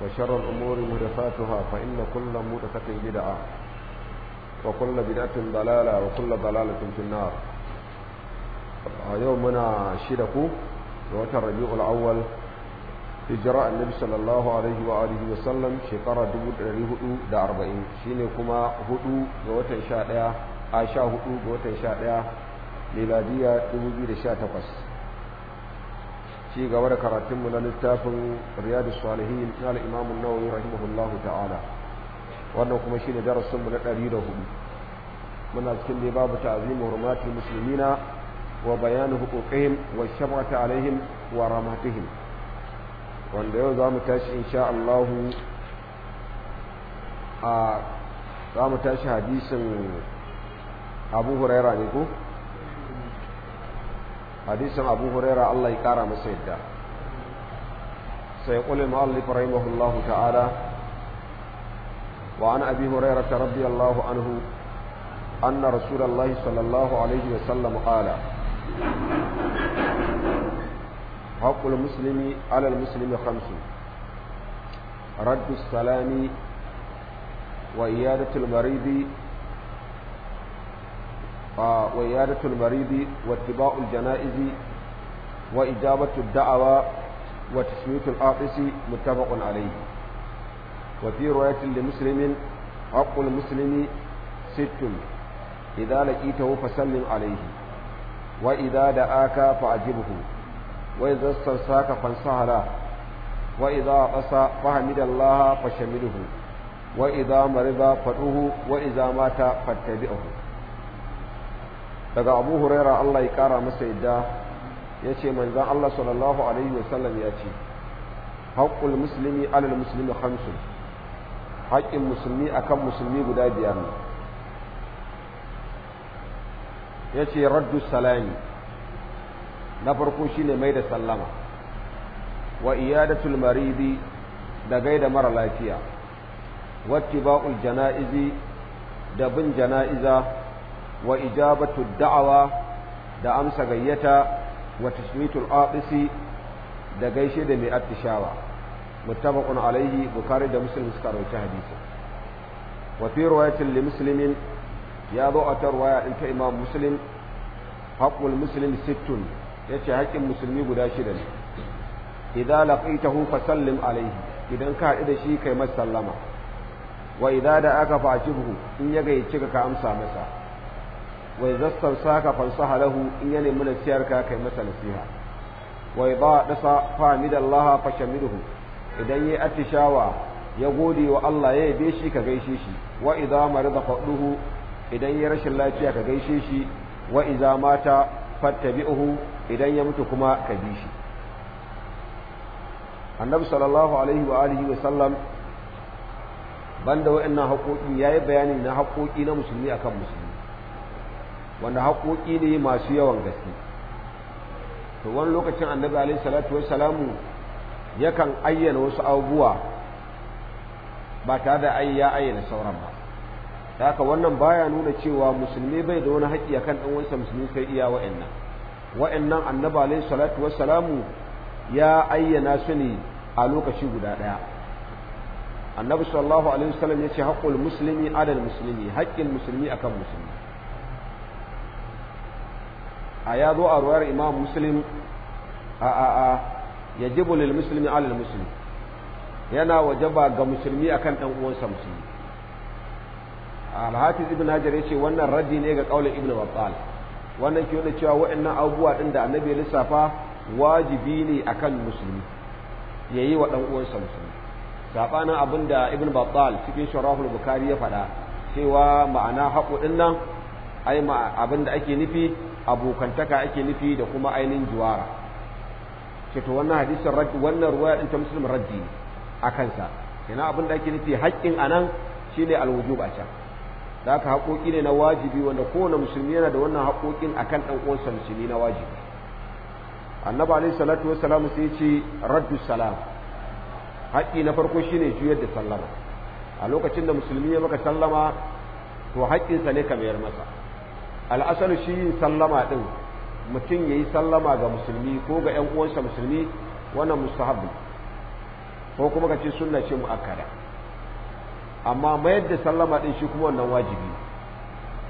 وشر الأمور مدفاتها فإن كل مدفة بدعة وكل بدعة ضلالة وكل ضلالة في النار يومنا شركو وتر ربيع الأول هجراء النبي صلى الله عليه وآله وسلم شكرا دبود رهدو دا أربعين شينكما هدو غوتا شادية عشا هدو غوتا شادية ميلادية 2018 ci gaba da karatunmu na littafin riyadu salihin na al'imamun nawawi rahimahullahu ta'ala wannan kuma shi ne darasinmu na ɗari da hudu muna cikin ne babu ta'azimu hurmati musulmina wa bayanin huquqihim wa shafa'ati alaihim wa ramatihim wanda yau za mu tashi insha a za mu tashi hadisin Abu Huraira ne ko hadisin أبو هريرة الله يكرم سيدا سيقول المؤلف رحمه الله تعالى وعن أبي هريرة رضي الله عنه أن رسول الله صلى الله عليه وسلم قال حق المسلم على المسلم خمس رد السلام وإيادة المريض وإيادة المريض واتباع الجنائز وإجابة الدعوة وتسمية العاطس متفق عليه وفي رواية لمسلم حق المسلم ست إذا لقيته فسلم عليه وإذا دعاك فأجبه وإذا استرساك فانصح له وإذا عطس فحمد الله فشمله وإذا مرض فدعه وإذا مات فاتبعه daga abu huraira Allah ya kara masa yadda ya ce manzan Allah sallallahu alaihi wasallam ya ce haƙƙul musulmi alal musulmi hamsin haƙƙin musulmi akan musulmi guda biyar ne ya ce raddu salami na farko shine mai da sallama wa iyadatul maridi da gaida mara lafiya wattiba'ul jana'izi da bin jana'iza wa ijabatu da'awa da amsa gayyata wa tashmitul aqisi da gaishe da mai attishawa muttafaqun alaihi bukhari da muslim suka rawaita hadisi wa fi riwayatin li muslimin ya zo a tarwaya in ta imam muslim haqqul muslim sittun yace haƙƙin musulmi guda shida ne idza laqitahu fasallim alaihi idan ka haɗu da shi kai masa sallama wa idza da aka fa'tibuhu in ya gayyace ka ka amsa masa wa idza saka fansaha lahu in ya nemi nasiyarka kai masa nasiha wa ba dasa famida Allah idan yayi attishawa ya gode wa Allah ya yabe shi ka gaishe shi wa idza marida faduhu idan ya rashin lafiya ka gaishe shi wa idza mata fattabi'uhu idan ya mutu kuma ka bi shi annabi sallallahu alaihi wa alihi wa sallam banda wa'annan haƙoƙi yayi bayani na haƙoƙi na musulmi akan musulmi wanda haƙoƙi ne masu yawan gaske to wani lokacin annabi alaihi salatu wassalamu yakan ayyana wasu abubuwa ba tare da ai ya ayyana sauran ba da haka wannan baya nuna cewa musulmi bai da wani haƙƙi akan ɗan wasu musulmi sai iya wa'annan wa'annan annabi alaihi salatu wassalamu ya ayyana su ne a lokaci guda ɗaya annabi sallallahu alaihi wasallam ya ce haƙƙul muslimi adal muslimi haƙƙin musulmi akan musulmi a ya zo a ruwar imam muslim a a a ya jibu lil muslimi alil muslim yana wajaba ga musulmi akan kan ɗan'uwansa musulmi al Ibn ibn hajar ce wannan raddi ne ga ƙaunar ibn battal wannan ke nuna cewa waɗannan abubuwa ɗin da annabi ya lissafa wajibi ne akan musulmi Ya yi wa ɗan'uwansa uwansa musulmi sabanin abin da ibn battal cikin Sharafin Bukari ya faɗa cewa ma'ana haƙo ɗin nan ai abin da ake nufi abokantaka ake nufi da kuma ainihin juwara ce to wannan hadisin raddi wannan ruwaya din ta muslim raddi a kansa ina abin da ake nufi haƙƙin anan shine alwujub a can da haka haƙoƙi ne na wajibi wanda kowane musulmi yana da wannan haƙoƙin akan ɗan uwansa musulmi na wajibi annabi alaihi salatu wassalam sai ce raddu salam haƙƙi na farko shine juyar da sallama a lokacin da musulmi ya maka sallama to haƙƙinsa ne ka mayar masa al'asar shi yin sallama ɗin mutum ya yi sallama ga musulmi ko ga ‘yan uwansa musulmi wannan mustahabu ko kuma ka ce suna ce mu'akkada amma mayar da sallama ɗin shi kuma wannan wajibi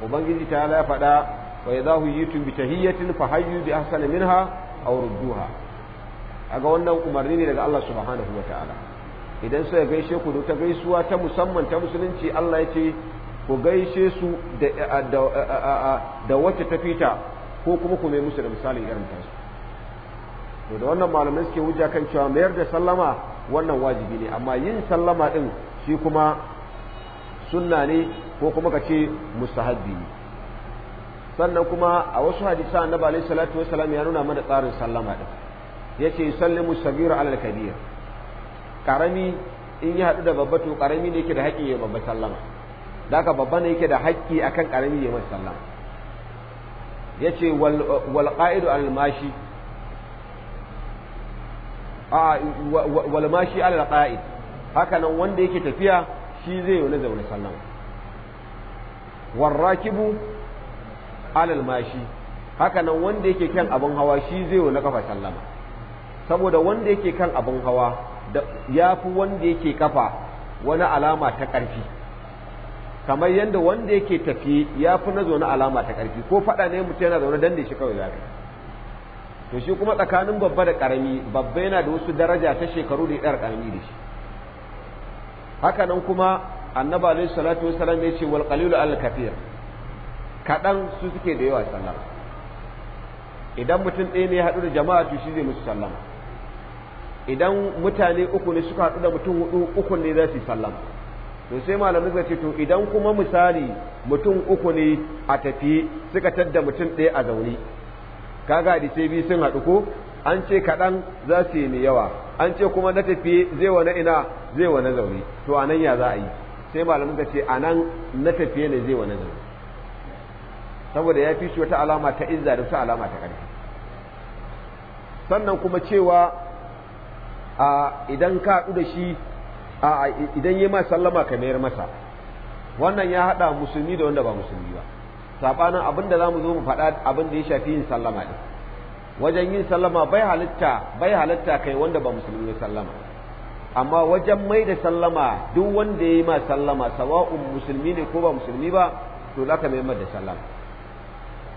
ubangiji ta ya faɗa wa idza tun bi tahiyyatin fa hayyu bi ahsani minha duha. rudduha ga wannan umarni ne daga Allah subhanahu wataala idan sai gaishe ku ta gaisuwa ta musamman ta musulunci Allah ya ce ku gaishe su da wacce ta fita ko kuma ku musu da misali irin su. to da wannan malamai suke wuja kan cewa mayar da sallama wannan wajibi ne amma yin sallama din shi kuma sunna ne ko kuma ka ce mustahabbi ne sannan kuma a wasu hadisa annabi alaihi salatu wassalam ya nuna mana tsarin sallama din yace sallimu Samiru alal kabir karami in ya haɗu da babba to karami ne yake da haƙƙin ya babba sallama da haka babba ne yake da haƙƙi akan ƙarami ya mai sallah Ya ce wal qa'idu al mashi a wal mashi al ƙaid haka nan wanda yake tafiya shi zai yi na zaune sallah Warrakibu rakibu al mashi haka nan wanda yake kan abin hawa shi zai yi na kafa sallama saboda wanda yake kan abin hawa ya fi wanda yake kafa wani alama ta ƙarfi kamar yadda wanda yake tafi ya fi na zaune alama ta ƙarfi ko faɗa ne mutum yana zaune dan da shi kawai zaka to shi kuma tsakanin babba da ƙarami babba yana da wasu daraja ta shekaru da ɗar ƙarami da shi haka nan kuma annabi alaihi salatu wasalam ya ce wal qalilu al kafir kaɗan su suke da yawa sallama idan mutum ɗaya ne ya haɗu da jama'a to shi zai musu sallama idan mutane uku ne suka haɗu da mutum hudu uku ne za su yi sallama to sai malamai suka ce to idan kuma misali mutum uku ne a tafi suka tadda mutum ɗaya a zaune kaga da sai biyu sun haɗu ko an ce kaɗan za su yi mai yawa an ce kuma na tafi zai wa na ina zai wa na zaune to anan ya za a yi sai malamin ka ce anan na tafiye ne zai wa na zaune saboda ya fi shi wata alama ta izza da wata alama ta ƙarfi sannan kuma cewa a idan ka haɗu da shi A'a, idan yi ma sallama ka mayar masa wannan ya haɗa musulmi da wanda ba musulmi ba sabanin abin da mu zo mu faɗa abin da ya shafi yin sallama ne wajen yin sallama bai halitta bai halitta kai wanda ba musulmi ya sallama amma wajen mai da sallama duk wanda ya yi ma sallama sawa'un musulmi ne ko ba musulmi ba to za ka mayar da sallama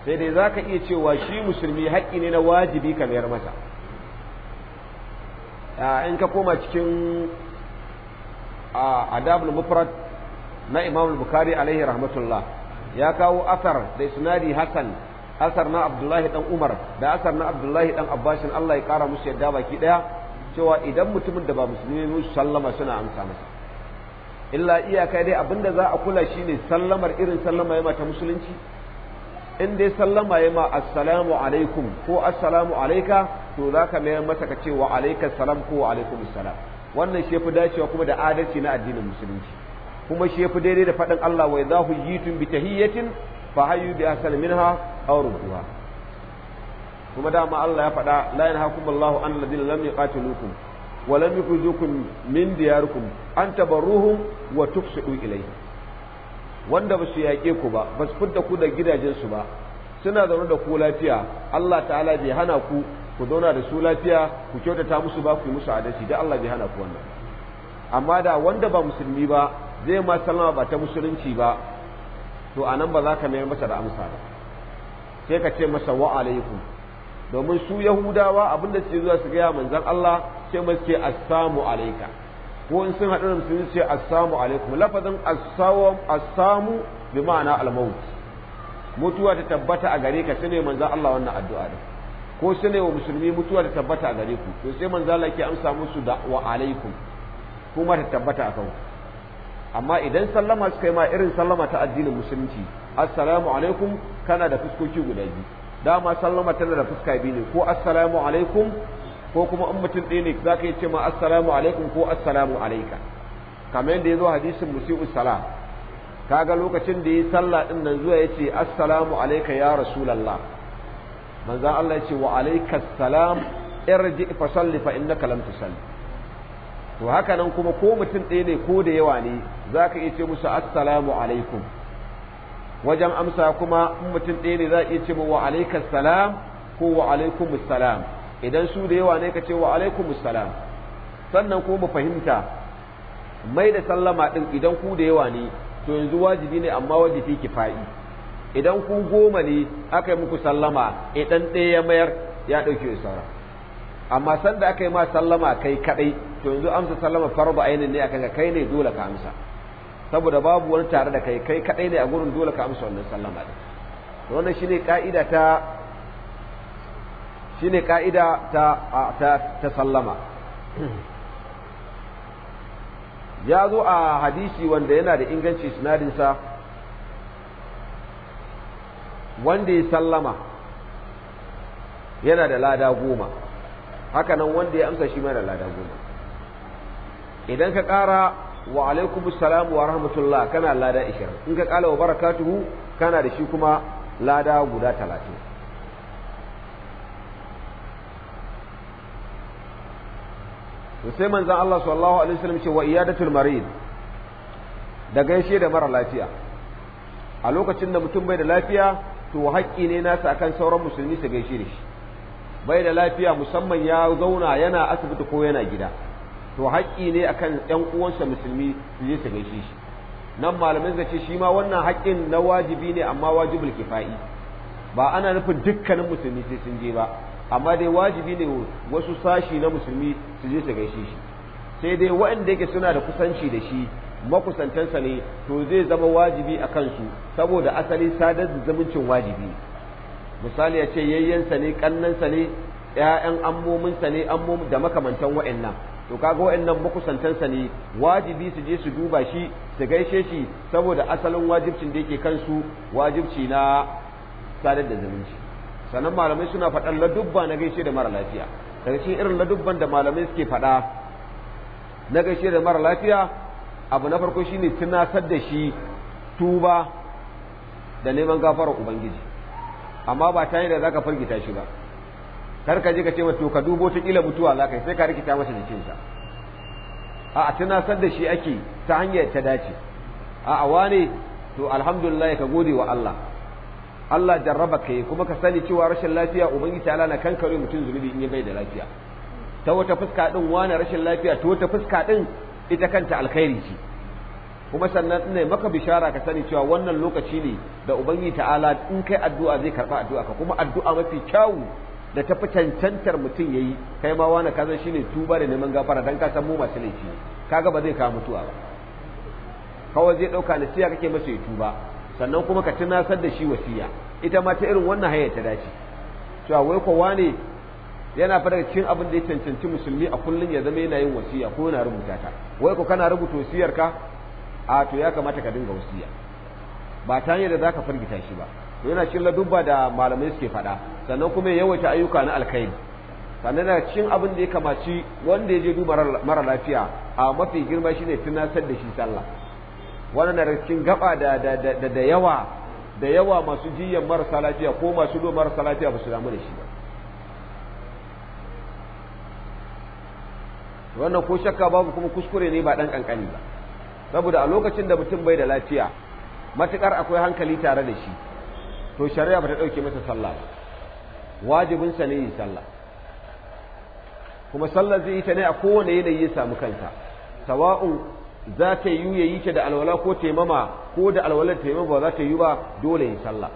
sai dai za ka iya cewa shi musulmi haƙƙi ne na wajibi ka mayar masa in ka koma cikin a adabul mufrad na imam bukhari alaihi rahmatullah ya kawo asar da isnadi hasan asar na abdullahi dan umar da asar na abdullahi dan in allah ya kara musu yadda baki daya cewa idan mutumin da ba musulmi ne sallama suna amsa masa illa iyaka dai abinda za a kula shine sallamar irin sallama yayin ta musulunci in dai sallama yayin assalamu alaikum ko assalamu alayka to zaka mayar masa ka ce wa alaikas salam ko wa alaikumus wannan shi fi dacewa kuma da adalci na addinin musulunci kuma shi fi daidai da faɗin Allah wa idza huyitum bi tahiyyatin fa hayyu bi ahsan minha aw rudduha kuma dama Allah ya faɗa la yanhaqumullahu an alladhina lam yuqatilukum wa lam yukhrijukum min diyarikum an tabarruhum wa tufsidu ilayhi wanda ba su yaƙe ku ba ba su fidda ku da gidajensu ba suna zaune da ku lafiya Allah ta'ala bai hana ku ku zauna da su lafiya ku kyautata musu ba ku yi musu adalci da Allah bai hana ku wannan amma da wanda ba musulmi ba zai ma sallama ba ta musulunci ba to a ba za ka mayar masa da amsa ba sai ka ce masa wa alaikum domin su yahudawa abinda suke zuwa su gaya manzon Allah sai mu ce assalamu alayka ko in sun haɗu da musulmi ce assalamu alaikum lafazin assawam assamu bi ma'ana al-maut mutuwa ta tabbata a gare ka sai ne manzon Allah wannan addu'a din ko su ne wa musulmi mutuwa ta tabbata a gare ku to sai manzo Allah yake amsa musu da wa alaikum kuma ta tabbata a kanku amma idan sallama suka yi ma irin sallama ta addinin musulunci assalamu alaikum kana da fuskoki guda biyu dama sallama tana da fuska biyu ne ko assalamu alaikum ko kuma in mutum ɗaya ne za ka yi ce ma assalamu alaikum ko assalamu alaika kamar yadda ya zo hadisin musi'u sala kaga lokacin da ya yi sallah ɗin nan zuwa ya ce assalamu alaika ya rasulallah manzan Allah ya ce wa alaikas salam irji fa salli fa innaka lam tusalli to haka nan kuma ko mutum ɗaya ne ko da yawa ne zaka iya ce musu assalamu alaikum wajen amsa kuma in mutum ɗaya ne za iya ce wa alaikas salam ko wa alaikumus salam idan su da yawa ne ka ce wa alaikumus salam sannan ko mu fahimta mai da sallama ɗin idan ku da yawa ne to yanzu wajibi ne amma wajibi kifa'i idan ku goma ne aka yi muku sallama idan ɗaya ya mayar ya ɗauke saura. amma sanda aka yi ma sallama kai kaɗai to yanzu amsa sallama farba ainihin ne akan kai ne dole ka amsa saboda babu wani tare da kai kai kaɗai ne a gurin dole ka amsa wannan sallama ɗin wannan shine ka'ida ta ka'ida ta sallama ya zo a hadisi wanda yana da inganci sinadinsa wanda ya sallama yana da lada goma haka nan wanda ya amsa shi mai da lada goma idan ka ƙara wa alaikumus salamu wa rahmatullah kana lada ishirin in ka ƙala wa barakatuhu kana da shi kuma lada guda talatin sai manzon Allah sallallahu alaihi wasallam ce wa iyadatul marid da gaishe da mara lafiya a lokacin da mutum bai da lafiya to haƙƙi ne nasa akan sauran musulmi su gaishe da shi bai da lafiya musamman ya zauna yana asibiti ko yana gida to haƙƙi ne akan ƴan uwansa musulmi su je su gaishe shi nan malamin ga ce shi ma wannan haƙƙin na wajibi ne amma wajibul kifa'i ba ana nufin dukkanin musulmi sai sun je ba amma dai wajibi ne wasu sashi na musulmi su je su gaishe shi sai dai waɗanda yake suna da kusanci da shi makusantansa ne to zai zama wajibi a kansu saboda asali sadar da zumuncin wajibi misali ya ce yayyensa ne kannansa ne ƴaƴan ammominsa ne ammom da makamantan wa'annan to kaga wa'annan makusantansa ne wajibi su je su duba shi su gaishe shi saboda asalin wajibcin da yake kansu wajibci na sadar da zumunci sannan malamai suna faɗan ladubba na gaishe da mara lafiya daga cikin irin ladubban da malamai suke faɗa na gaishe da mara lafiya abu na farko shine tunatar da shi tuba da neman gafarar ubangiji amma ba ta da zaka firgita shi ba kar ka je ka ce wa to ka dubo ta kila mutuwa za ka yi sai ka rikita masa jikinsa a tunatar da shi ake ta hanyar ta dace a wane to alhamdulillah ka gode wa Allah Allah jarraba kai kuma ka sani cewa rashin lafiya ubangiji ta na kankare mutum zunubi in ya bai da lafiya ta wata fuska din wani rashin lafiya ta wata fuska din ita kanta alkhairi ce kuma sannan ne maka bishara ka sani cewa wannan lokaci ne da ubangi ta'ala in kai addu'a zai karba addu'a ka kuma addu'a mafi kyawu da ta fi cancantar mutum yayi kai ma wani ka zan shine tuba da neman gafara dan ka san mu masu laifi kaga ba zai kawo mutuwa ba kawai zai dauka nasiya kake masa ya tuba sannan kuma ka tunasar da shi wasiya ita ma ta irin wannan hayar ta dace cewa wai ko wane yana fara cikin abin da ya cancanci musulmi a kullum ya zama yana yin wasiya ko yana rubuta ta wai ko kana rubuta wasiyar ka a to ya kamata ka dinga wasiya ba ta hanyar da zaka firgita shi ba to yana cin ladubba da malamai suke faɗa sannan kuma ya yawaita ayyuka na alkhairi sannan yana cikin abin da ya kamaci wanda ya je duba mara lafiya a mafi girma shine tunasar da shi sallah wannan na cikin gaba da da yawa da yawa masu jiyan marasa lafiya ko masu do marasa lafiya ba su damu da shi ba wannan ko shakka babu kuma kuskure ne ba dan kankani ba saboda a lokacin da mutum bai da lafiya matukar akwai hankali tare da shi to shari'a ba ta dauke masa sallah ba wajibin sa ne yi sallah kuma sallah zai yi ta ne a kowane yanayi ya samu kansa sawa'un za ta yi ya yi ta da alwala ko taimama ko da alwalar taimama ba za ta yi ba dole yi sallah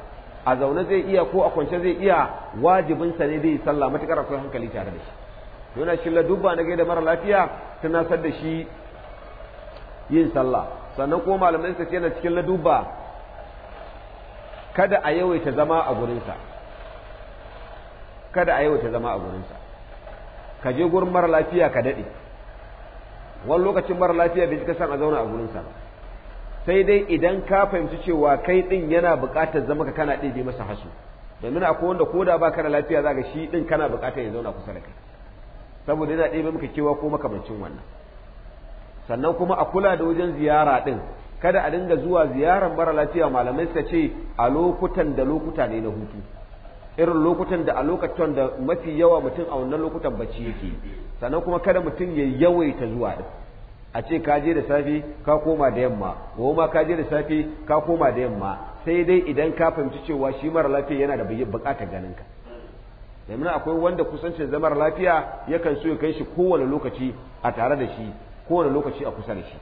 a zaune zai iya ko a kwance zai iya wajibin sa ne zai yi sallah matukar akwai hankali tare da shi to yana cikin ladubba na gaida mara lafiya tunasar da shi yin sallah sannan kuma malamai ta ce yana cikin ladubba kada a yawaita zama a gurinsa kada a yawaita zama a gurinsa ka je gurin mara lafiya ka daɗe wani lokacin mara lafiya bai cika san a zauna a gurinsa ba sai dai idan ka fahimci cewa kai ɗin yana buƙatar zama ka kana ɗebe masa hasu domin akwai wanda ko da ba ka da lafiya za ga shi ɗin kana buƙatar ya zauna kusa da kai saboda yana ɗebe maka kewa ko makamancin wannan sannan kuma a kula da wajen ziyara ɗin kada a dinga zuwa ziyarar mara lafiya malamai suka ce a lokutan da lokuta ne na hutu irin lokutan da a lokacin da mafi yawa mutum a wannan lokutan bacci yake sannan kuma kada mutum ya yawaita zuwa ɗin a ce ka je da safe ka koma da yamma gobe ma ka je da safe ka koma da yamma sai dai idan ka fahimci cewa shi mara lafiya yana da buƙatar ganin ka domin akwai wanda kusancin zamar lafiya yakan so ya kai shi kowane lokaci a tare da shi kowane lokaci a kusa da shi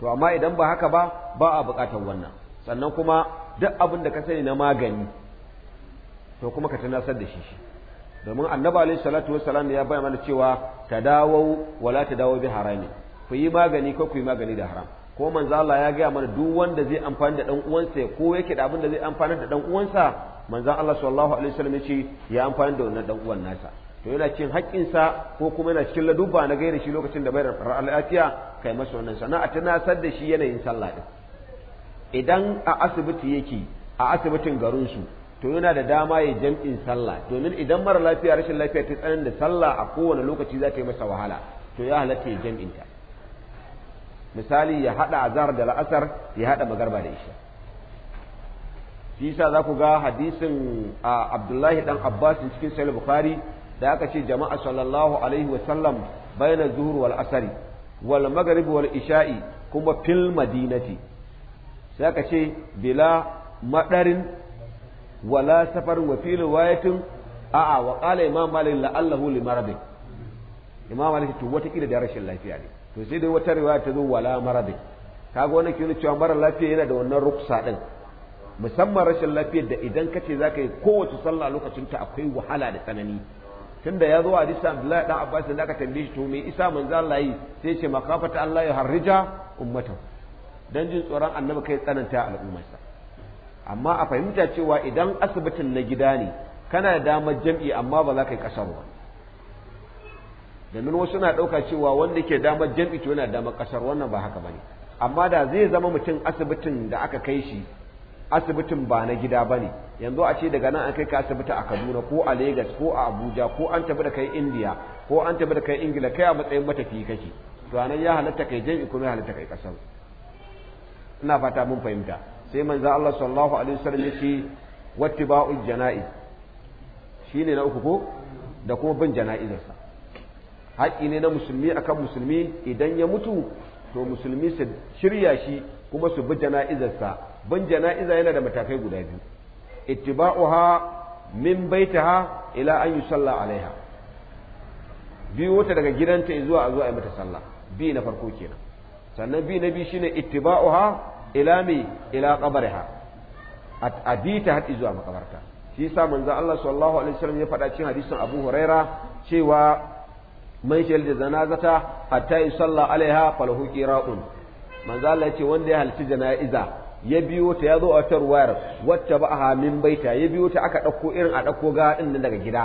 to amma idan ba haka ba ba a buƙatar wannan sannan kuma duk abin da ka sani na magani to kuma ka tunasar da shi shi domin annabi alaihi salatu wassalam ya bayyana mana cewa tadawu wala tadawu bi harami ku yi magani ko ku yi magani da haram ko manzo Allah ya gaya mana duk wanda zai amfani da dan uwansa ko yake da abin da zai amfani da dan uwansa manzo Allah sallallahu alaihi wasallam ya ce ya amfani da wannan dan uwan nasa to yana cikin sa ko kuma yana cikin ladubba na gaira shi lokacin da bai da lafiya kai masa wannan sana'a tunasar da shi yanayin sallah din idan a asibiti yake a asibitin garin su to yana da dama ya jam'in sallah domin idan mara lafiya rashin lafiya ta tsananin da sallah a kowane lokaci za ta yi masa wahala to ya halatta ya jam'inta misali ya haɗa azhar da la'asar ya haɗa magarba da isha shi za ku ga hadisin a abdullahi dan abbas cikin sahih bukhari da aka ce jama'a sallallahu alaihi wa sallam baina zuhur wal asari wal maghrib wal isha'i kuma fil madinati sai aka ce bila madarin wala safar wa fil wayatin a'a wa qala imam malik la'allahu limaradi imam malik to wata kida da rashin lafiya ne to sai dai wata riwaya ta zo wala maradin kaga wannan ke cewa mara lafiya yana da wannan ruksa din musamman rashin lafiyar da idan ka ce zaka yi kowace sallah lokacin ta akwai wahala da tsanani tunda ya zo a hadisin Abdullahi dan Abbas da aka tambaye shi to me isa manzo Allah yi sai ce makafata Allah ya harrija ummata dan jin tsoron annabi kai tsananta al'ummarsa amma a fahimta cewa idan asibitin na gida ne kana da damar jam'i amma ba za ka yi kasar ba domin wasu na ɗauka cewa wanda ke damar jam'i to yana damar ƙasar wannan ba haka bane amma da zai zama mutum asibitin da aka kai shi asibitin ba na gida bane yanzu a ce daga nan an kai ka asibiti a Kaduna ko a Lagos ko a Abuja ko an tafi da kai India ko an tafi da kai Ingila kai a matsayin matafiyi kake to anan ya halatta kai jam'i kuma ya halatta kai ƙasar ina fata mun fahimta sai manzo Allah sallallahu alaihi wasallam yace wattiba'u jana'iz shine na uku ko da kuma bin jana'izarsa haƙƙi ne na musulmi akan musulmi idan ya mutu to musulmi su shirya shi kuma su bi jana'izarsa bin jana'iza yana da matakai guda biyu ittiba'uha min baitaha ila an yusalla alaiha biyo ta daga gidanta zuwa a zuwa a yi mata sallah bi na farko kenan sannan bi na bi shine ittiba'uha ila mi ila qabriha ta har zuwa makabarta shi yasa manzo Allah sallallahu alaihi wasallam ya faɗa cikin hadisin Abu Huraira cewa man zana janazata hatta salla alaiha falahu qira'un manzo Allah yace wanda ya halci janaiza ya biyo ta yazo a tarwayar wacce ba ha min baita ya biyo ta aka dauko irin a dauko ga din nan daga gida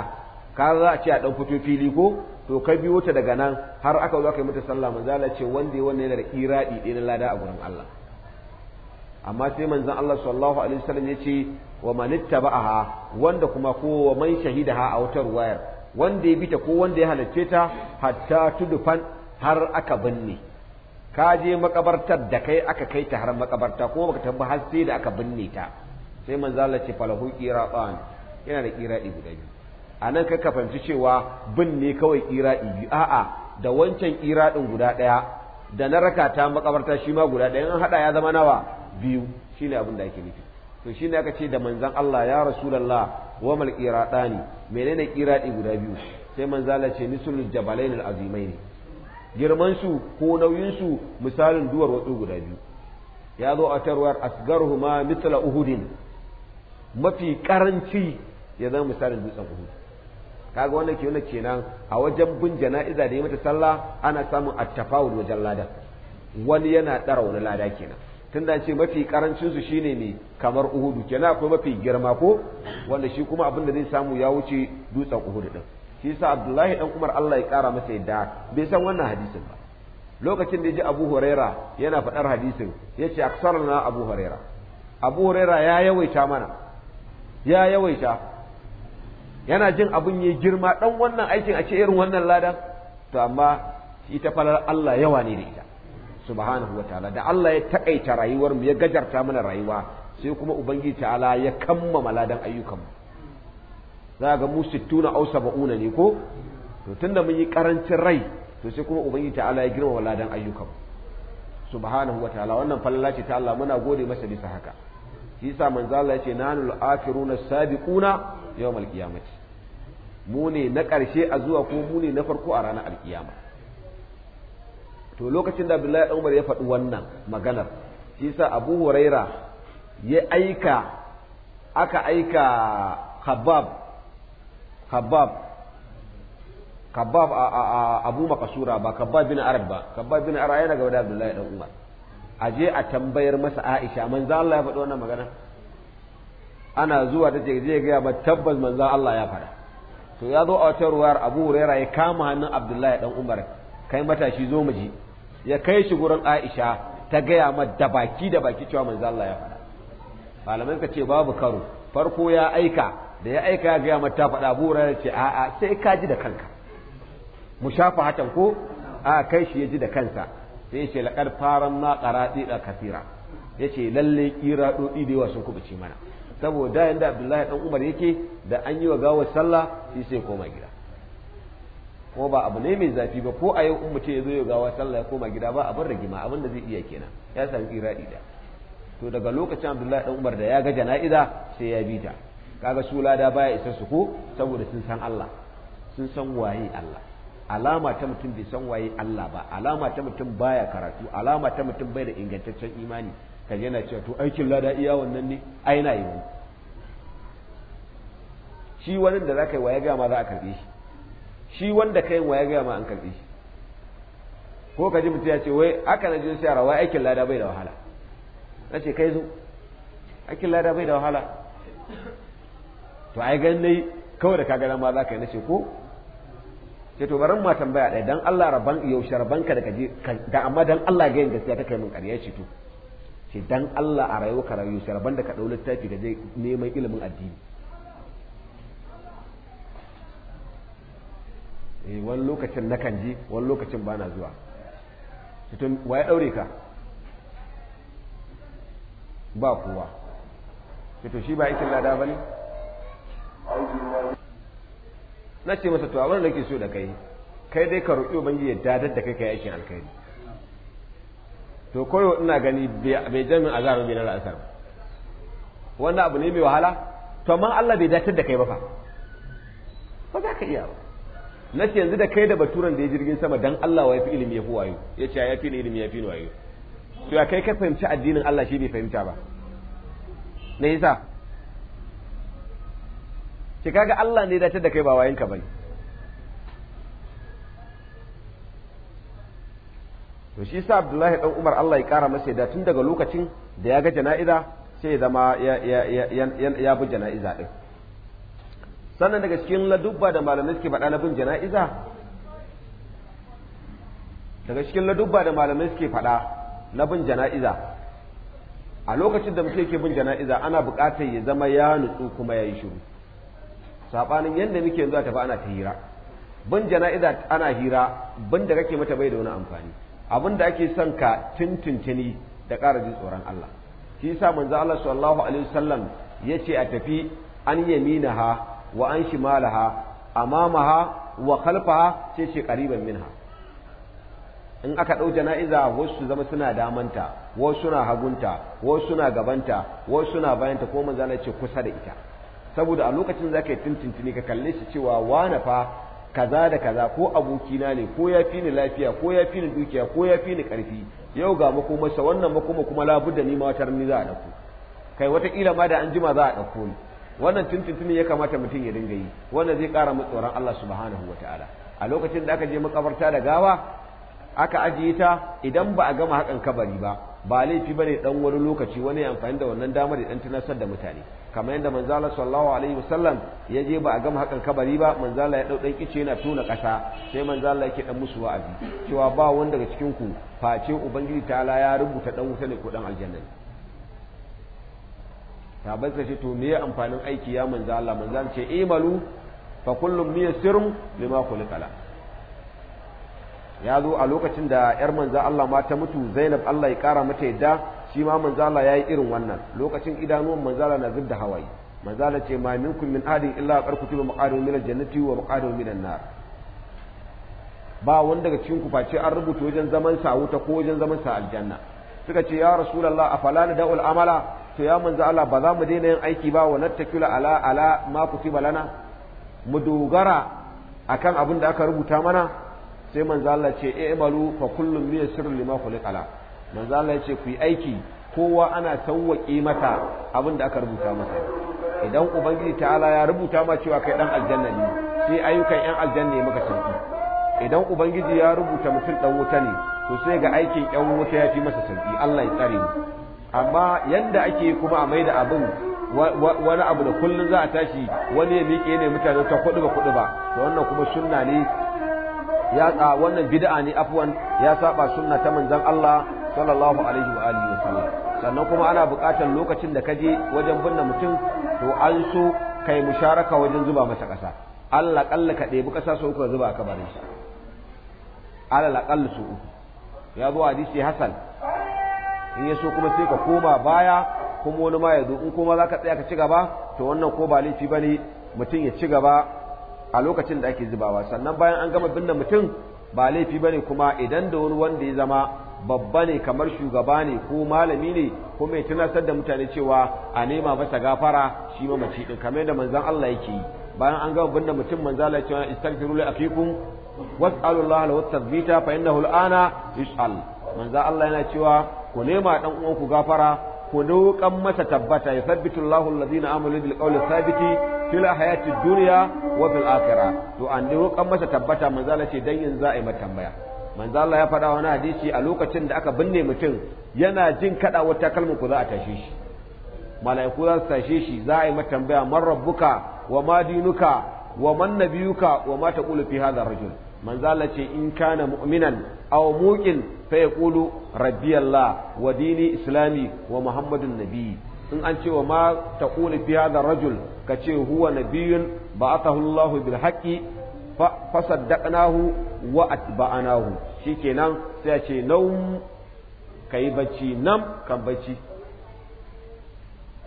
ka za a ce a dan fito fili ko to ka biyo ta daga nan har aka zo aka yi mata sallah manzo Allah yace wanda ya wannan yana da iradi ɗaya na lada a gurin Allah amma sai manzon Allah sallallahu alaihi wasallam yace wa man ittaba'aha wanda kuma ko wa man shahidaha a wutar wayar wanda ya bita ko wanda ya halarce ta hatta tudufan har aka binne ka je makabartar da kai aka kai ta har makabarta ko baka tabba har sai da aka binne ta sai manzo Allah ce falahu qira'an yana da qira'i guda biyu anan ka kafanci cewa binne kawai qira'i biyu a'a da wancan ɗin guda daya da na raka ta makabarta shi ma guda daya an hada ya zama nawa biyu shine abin da ake nufi to shine aka ce da manzon Allah ya rasulullah wa mal qiradani menene qiradi guda biyu sai manzala ce mislul jabalain al'azimai ne girman su ko nauyin su misalin duwar watsu guda biyu ya zo a tarwar asgaruhuma mithla uhudin mafi karanci ya zama misalin dutsen uhud kaga wannan ke wannan kenan a wajen bin jana'iza da yi mata sallah ana samun attafawul wajen lada wani yana ɗara wani lada kenan tun tunda ce mafi karancin su shine ne kamar uhudu kenan akwai mafi girma ko wanda shi kuma abin da zai samu ya wuce dutsen uhudu din shi yasa abdullahi dan umar Allah ya kara masa yadda bai san wannan hadisin ba lokacin da ya ji abu huraira yana faɗar hadisin ya ce na abu huraira abu huraira ya yawaita mana ya yawaita yana jin abin ya girma dan wannan aikin a ce irin wannan ladan to amma ita falar Allah yawa ne da ita subhanahu wa ta'ala da Allah ya takaita rayuwar mu ya gajarta mana rayuwa sai kuma ubangiji ta'ala ya kammama ladan ayyukan mu za ga mu 60 au 70 ne ko to tunda mun yi karancin rai to sai kuma ubangiji ta'ala ya girmama ladan ayyukan mu subhanahu wa wannan falala ta Allah muna gode masa bisa haka shi yasa manzo Allah yace nanul akhiruna sabiquna yawmal qiyamati mu ne na ƙarshe a zuwa ko mu ne na farko a ranar alkiyama to lokacin da Abdullahi Umar ya faɗi wannan maganar shi sa Abu Huraira ya aika aka aika habab habab Khabbab a, Abu Makasura ba Khabbab bin Arab ba Khabbab bin Arab yana gaba da Abdullahi dan Umar aje a tambayar masa Aisha manzo Allah ya faɗi wannan magana ana zuwa ta ce zai gaya ba tabbas manzo Allah ya faɗa to ya zo a wata ruwar Abu Huraira ya kama hannun Abdullahi dan Umar kai matashi zo mu ji ya kai shi gurin Aisha ta gaya ma da baki da baki cewa manzo Allah ya faɗa malaman ka ce babu karu. farko ya aika da ya aika ya gaya mata faɗa bura ya ce a'a sai ka ji da kanka Mu shafa hatan ko a kai shi ya ji da kansa sai ya ce laqad da kafira. Ya ce lalle kira dodi da yawa sun kubuce mana saboda yanda Abdullahi dan Umar yake da an yi wa gawar sallah shi sai koma gida ko ba abu ne mai zafi ba ko a yau in mutum ya zo ya gawa sallah ya koma gida ba da rigima abin da zai iya kenan ya sami iradi da to daga lokacin Abdullahi dan Umar da ya ga jana'iza sai ya bi ta kaga su lada baya isa su ko saboda sun san Allah sun san waye Allah alama ta mutum bai san waye Allah ba alama ta mutum baya karatu alama ta mutum bai da ingantaccen imani kan yana cewa to aikin lada iya wannan ne ai na yi shi wani da zaka yi wa ya ga za a karbe shi shi wanda kai wa ya gaya ma an karbi ko ka ji mutum ya ce wai aka na jin siyara wai aikin lada bai da wahala na ce kai zo aikin lada bai da wahala to ai gan dai kawai da kaga ma za ka yi na ce ko ce to barin ma tambaya ɗaya dan Allah rabban yaushe rabban ka daga ji da amma dan Allah ga yin gaskiya ta kai min ƙarya ce to ce dan Allah a rayuwa ka rayu rabban da ka ɗau littafi da zai neman ilimin addini Eh, wani lokacin na kan wani lokacin ba na zuwa wa ya ɗaure ka ba kowa eh, to shi ba ikin lada ba ne na ce masa to wani da ke so da kai kai dai ka roƙi ubangiji ya dadar da kai kai aikin alkhairi to koyo ina gani bai jami zarar bai na ra'asar. wannan abu ne mai wahala to amma Allah bai datar da kai ba fa ba za ka iya ba na ce yanzu da kai da baturan da ya jirgin sama dan Allah wa ya fi ilimi ya fi wayo ya ce ya fi ni ilimi ya fi ni wayo to ya kai ka fahimci addinin Allah shi bai fahimta ba na yasa ki kaga Allah ne dace da kai ba wayan ka bane to shi sa Abdullahi dan Umar Allah ya kara masa yadda tun daga lokacin da ya ga jana'iza sai ya zama ya ya ya ya jana'iza din sannan daga cikin ladubba da malamai suke faɗa na bin jana'iza daga cikin ladubba da malamai suke faɗa na bin jana'iza a lokacin da mutum yake bin jana'iza ana buƙatar ya zama ya nutsu kuma ya yi shiru saɓanin yadda muke yanzu a tafi ana ta hira bin jana'iza ana hira bin da kake mata bai da wani amfani abin da ake son ka tuntuntuni da ƙara jin tsoron Allah shi yasa manzo Allah sallallahu alaihi wasallam yace a tafi an yaminaha wa an malaha amamaha wa khalfaha sai ce qariban minha in aka ɗau jana'iza wasu su zama suna damanta wasu suna hagunta wasu suna gabanta wasu suna bayanta ko manzo Allah ce kusa da ita saboda a lokacin zaka yi tintintini ka kalle shi cewa wana fa kaza da kaza ko abokina ne ko ya fi ni lafiya ko ya fi ni dukiya ko ya fi ni karfi yau ga makomarsa wannan makoma kuma labudda ni ma watar ni za a ɗauko kai wataƙila ma da an jima za a ɗauko ni wannan tuntuntuni ya kamata mutum ya dinga yi wannan zai kara mu tsoron Allah subhanahu wa ta'ala a lokacin da aka je makabarta da gawa aka ajiye ta idan ba a gama hakan kabari ba ba laifi bane dan wani lokaci wani ya amfani da wannan damar ya dan tunasar da mutane kamar yadda manzo Allah sallallahu alaihi wasallam ya je ba a gama hakan kabari ba manzo Allah ya dau dan kice yana tona kasa sai manzo Allah yake dan musu wa'azi cewa ba wanda daga cikin ku face ubangiji ta'ala ya rubuta dan wuta ne ko dan aljanna sahabai suka ce to me ya amfanin aiki ya manzo Allah manzo Allah ce imalu fa kullum miyassirun lima khuliqala ya zo a lokacin da yar manzo Allah ma ta mutu Zainab Allah ya kara mata yadda shi ma manzo Allah yayi irin wannan lokacin idanuwan manzo Allah na zubda hawaye manzo Allah ce ma minkum min adin illa qarkutu maqadir min aljannati wa maqadir min nar ba wanda daga cikin ku face an rubuta wajen zaman sa wuta ko wajen zaman sa aljanna suka ce ya rasulullah afala na da'ul amala to ya manzo Allah ba za mu daina yin aiki ba wa nattakila ala ala ma kutiba lana mu dogara akan abin da aka rubuta mana sai manzo Allah ce e malu fa kullum min sirrin lima khuliqa la manzo Allah ce ku yi aiki kowa ana tawwaki mata abin da aka rubuta masa idan ubangiji ta'ala ya rubuta ma cewa kai dan aljanna ne sai ayyukan yan aljanna ne maka tafi idan ubangiji ya rubuta mutum dan wuta ne to sai ga aikin yan wuta ya fi masa sauki Allah ya tsare mu amma yanda ake kuma a maida abin wani abu da kullum za a tashi wani ya miƙe ne mutane ta kuɗi ba kuɗi ba Da wannan kuma sunna ne ya a wannan bid'a ne afwan ya saba sunna ta manzon Allah sallallahu alaihi wa alihi wa sallam sannan kuma ana buƙatar lokacin da kaje wajen binne mutum to an so kai musharaka wajen zuba masa ƙasa Allah kalla ka ɗebi ƙasa sau zuba a kabarin Allah kalla su uku ya zo hadisi Hassan in ya so kuma sai ka koma baya kuma wani ma ya zo in kuma za ka tsaya ka ci gaba to wannan ko ba laifi ba ne mutum ya ci gaba a lokacin da ake zubawa sannan bayan an gama binne mutum ba laifi bane kuma idan da wani wanda ya zama babba ne kamar shugaba ne ko malami ne ko mai tunasar da mutane cewa a nema masa gafara shi ma mace din kamar yadda manzon Allah yake yi bayan an gama binne mutum manzon Allah ya ce istaghfiru li akikum was'alullaha lahu at-tathbita fa innahu al-ana manzo Allah yana cewa ku nema dan ku gafara ku dukan masa tabbata sabbitu Allahu alladhina amanu bil qawli thabiti fil hayati dunya wa fil akhirah to an dukan masa tabbata manzo Allah ce dan yanzu ai mata tambaya manzo Allah ya faɗa wani hadisi a lokacin da aka binne mutum yana jin kada wata kalmar ku za a tashe shi mala'iku za su tashe shi za a yi mata tambaya man rabbuka wa ma wa man nabiyuka wa ma taqulu fi hadha rajul manzala ce in kana mu'minan aw muqin fa yaqulu rabbi Allah wa dini islami wa muhammadun nabi in an ce wa ma taqulu fi hadha rajul ka ce huwa nabiyyun ba'athahu Allah bil haqqi fa saddaqnahu wa atba'nahu shikenan sai a ce naum kai bacci nam kan bacci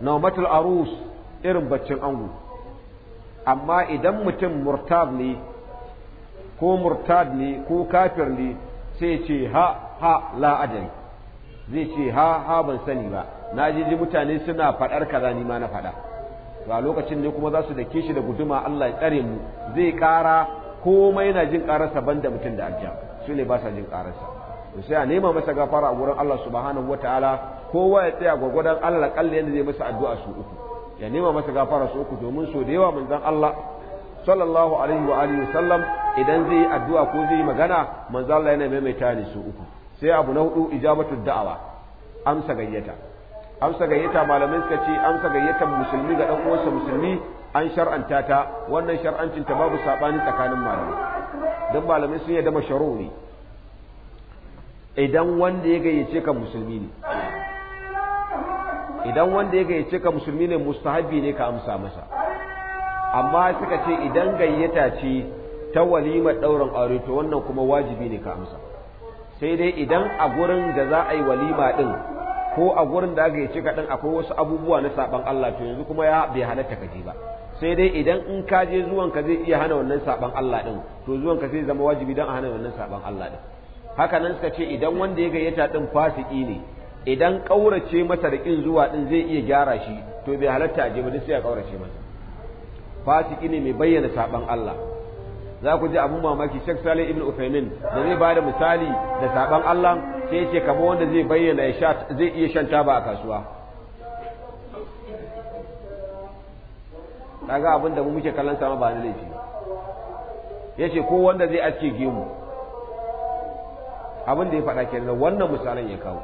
naumatul arus irin baccin ango amma idan mutum murtab ne ko murtad ne ko kafir ne sai ce ha ha la ajali zai ce ha ha ban sani ba na ji mutane suna faɗar kaza ni ma na faɗa to a lokacin ne kuma za su dake shi da guduma Allah ya tsare mu zai ƙara komai na jin ƙararsa da mutum da aljan su ne ba sa jin ƙararsa to sai a nema masa gafara a wurin Allah subhanahu wataala kowa ya tsaya gwagwadon Allah kalle yadda zai masa addu'a su uku ya nema masa gafara su uku domin so da yawa manzon Allah sallallahu alaihi wa alihi sallam idan zai yi addu'a ko zai yi magana manzo Allah yana maimaita ne su uku sai abu na hudu ijabatu da'awa amsa gayyata amsa gayyata malamai suka ce amsa gayyata musulmi ga dan uwansa musulmi an shar'anta ta wannan shar'ancin ta babu sabani tsakanin malamai dan malamai sun yadda masharuri idan wanda ya gayyace ka musulmi ne idan wanda ya gayyace ka musulmi ne mustahabi ne ka amsa masa amma suka ce idan gayyata ce ta walima ɗaurin aure to wannan kuma wajibi ne ka amsa sai dai idan a gurin da za a yi walima ɗin ko a gurin da aka yi cika ɗin akwai wasu abubuwa na saɓan Allah to yanzu kuma ya bai halatta ka je ba sai dai idan in ka je zuwan ka zai iya hana wannan saɓan Allah ɗin to zuwan ka zai zama wajibi don a hana wannan saɓan Allah ɗin haka nan suka ce idan wanda ya gayyata ɗin fasiki ne idan ƙaurace masa da ƙin zuwa ɗin zai iya gyara shi to bai halatta a je ba duk sai ya ƙaurace masa fasiki ne mai bayyana saban Allah za ku ji abun mamaki Sheikh Salih ibn Uthaymeen da zai bada misali da saban Allah sai yace kamar wanda zai bayyana ya sha zai iya shan taba a kasuwa kaga abin da mu muke kallon sama ba ni laifi yace ko wanda zai aske gemu abin da ya faɗa kenan wannan misalan ya kawo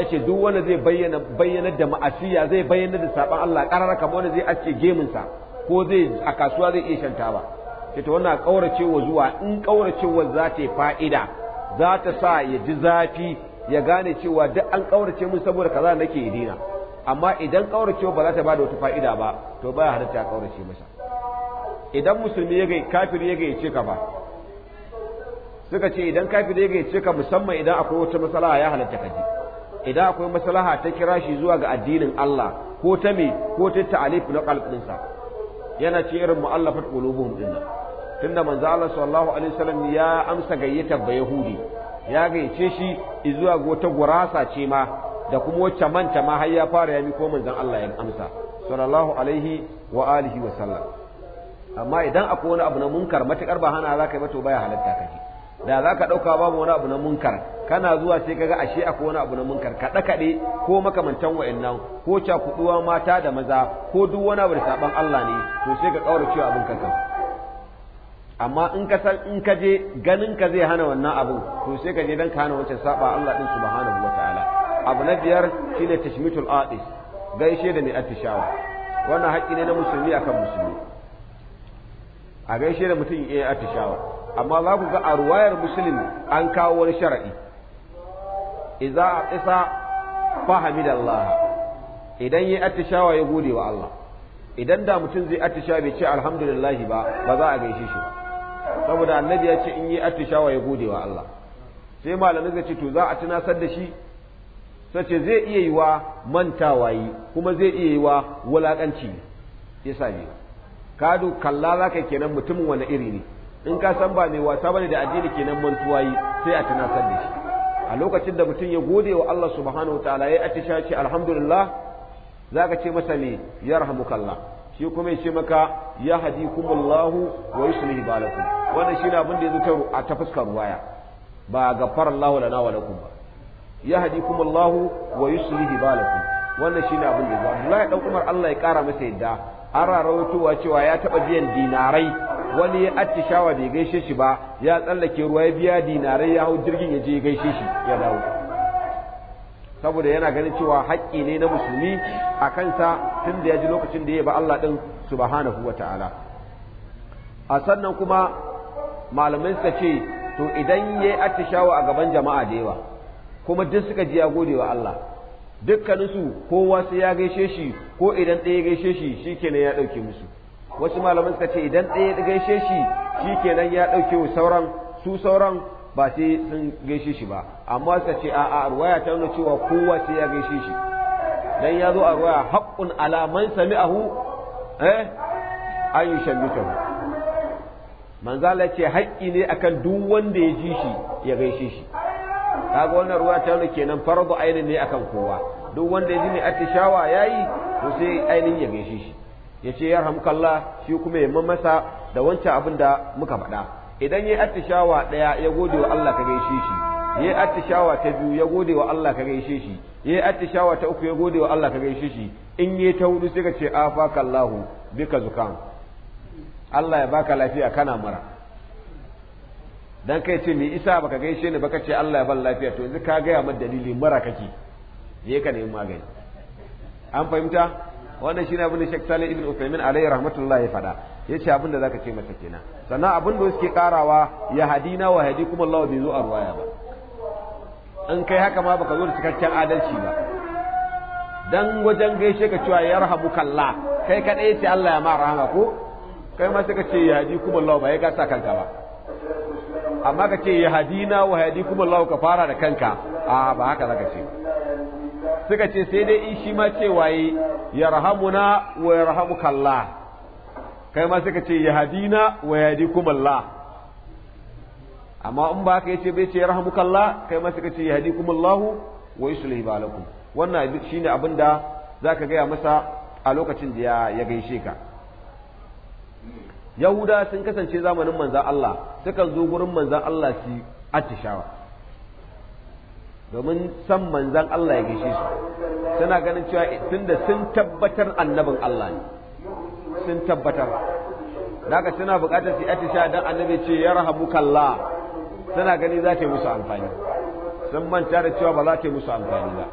yace duk wanda zai bayyana bayyanar da ma'asiya zai bayyana da saban Allah karara kamar wanda zai ake gemunsa ko zai a kasuwa zai iya shanta ba ta ta wannan kauracewa zuwa in kauracewa za ta yi fa'ida za ta sa ya ji zafi ya gane cewa duk an kaurace mun saboda kaza nake dina amma idan kauracewa ba za ta bada wata fa'ida ba to ba ya ya kaurace masa idan musulmi ya gai kafir ya gaice ka ba suka ce idan kafir ya ce ka musamman idan akwai wata masalaha ya halatta ka ji idan akwai masalaha ta kira shi zuwa ga addinin Allah ko ta me ko ta ta'alif na kalbinsa yana ce irin mu'allafat qulubuhum din nan tunda manzo Allah sallallahu alaihi wasallam ya amsa gayyata ba yahudi ya gayyace shi izuwa ga wata gurasa ce ma da kuma wacce manta ma har ya fara ya miko manzon Allah ya amsa sallallahu alaihi wa alihi wa amma idan akwai wani abu na munkar matakar ba hana zaka yi ba to baya halatta kake da za ka ɗauka babu wani abu na munkar kana zuwa sai kaga ashe akwai wani abu na munkar kaɗe kaɗe ko makamantan wa'annan ko cakuɗuwa mata da maza ko duk wani abu da saɓan Allah ne to sai ka ƙaura cewa abin kanka amma in ka san in ka je ganin ka zai hana wannan abin to sai ka je dan ka hana wancan saɓa Allah hana subhanahu ta'ala abu na biyar shine tashmitul aqis gaishe da mai attishawa wannan haƙƙi ne na musulmi akan musulmi a gaishe da mutum ya atishawa amma za ku ga a ruwayar musulun an kawo wani shara'i idza da Allah, idan ya atishawa ya gode wa Allah idan da mutum zai atisha bai ce alhamdulillah ba ba za a gaishe shi ba saboda annabi ya ce in yi atishawa ya gode wa Allah sai malamin zai ce to za a tunasar da shi sai ce zai iya yiwa mantawa yi kuma zai iya yiwa wulakanci ya same kadu kalla za ka kenan mutumin wani iri ne in ka san ba mai wasa bane da addini kenan mantuwa yi sai a tunasar da shi a lokacin da mutum ya gode wa Allah subhanahu wa ta'ala ya atisha ce alhamdulillah za ka ce masa ne ya kalla shi kuma ya ce maka ya hadikumullahu wa yuslihi balakum wannan shi ne abin da ya zo a ta fuskar ruwaya ba gafarallahu lana wa lakum ba ya hadikumullahu wa yuslihi balakum wannan shi ne abin da ya zo Abdullahi dan Umar Allah ya kara masa yadda an rarawatowa cewa ya taɓa biyan dinarai wani ya attishawa bai gaishe shi ba ya tsallake ruwa ya biya dinarai ya hau jirgin ya je gaishe shi ya dawo saboda yana ganin cewa haƙƙi ne na musulmi a kansa tun da ya ji lokacin da ya ba Allah ɗin subhanahu wa ta'ala a sannan kuma malamai suka ce to idan ya yi attishawa a gaban jama'a da yawa kuma duk suka ji ya gode wa Allah dukkaninsu kowa sai ya gaishe shi ko idan ɗaya gaishe shi shi shikenan ya ɗauke musu wasu malaman suka ce idan ɗaya gaishe shi shi shikenan ya ɗauke wa sauran su sauran ba sai sun gaishe shi ba amma suka ce a'a ruwaya ta nuna cewa kowa sai ya gaishe shi dan ya zo a haƙƙun alaman ala man sami'ahu eh an yushammita manzala ce haƙƙi ne akan duk wanda ya ji shi ya gaishe shi kaga wannan ruwa ta ru kenan farzu ainin ne akan kowa duk wanda ya ji atishawa yayi to sai ainin ya gaishe shi ya ce yarhamkallah shi kuma ya masa da wancan abin da muka faɗa idan ya atishawa ɗaya ya gode wa Allah ka gaishe shi ya atishawa ta biyu ya gode wa Allah ka gaishe shi ya atishawa ta uku ya gode wa Allah ka gaishe shi in ya ta hudu sai ka ce afakallahu bika zukan Allah ya baka lafiya kana mura dan kai ce me isa baka gaishe ni baka ce Allah ya ban lafiya to yanzu ka gaya min dalili mara kake je ka nemi magani an fahimta wannan shine abin da Sheikh Salih ibn Uthaymeen alayhi rahmatullahi fada yace abin da zaka ce mata kenan sannan abin da suke karawa ya hadina wa hadi kuma Allah bai zo a ruwaya ba An kai haka ma baka zo da cikakken adalci ba dan wajen gaishe ka cewa yarhamukallah kai kadai ce Allah ya ma rahama ko kai ma sai ka ce ya hadi Allah ba ya gasa kanka ba amma ka ce yahdina wa kuma Allah ka fara da kanka a ba haka zaka ce suka ce sai dai in shi ma ya rahamu yarhamuna wa yarhamuka Allah kai ma suka ce yahdina wa kuma Allah amma in ba haka yace bai ce yarhamuka Allah kai ma suka ce kuma Allah wa yuslih balakum wannan shine abinda zaka gaya masa a lokacin da ya gaishe ka yahuda sun kasance zamanin manzan Allah sukan zo gurin manzan Allah su attishawa domin san manzan Allah ya gaishe su suna ganin cewa tunda sun tabbatar annabin Allah ne sun tabbatar daga suna bukatar su attisha dan annabi ce ya kalla suna gani za ta yi musu amfani sun manta da cewa ba za ta yi musu amfani ba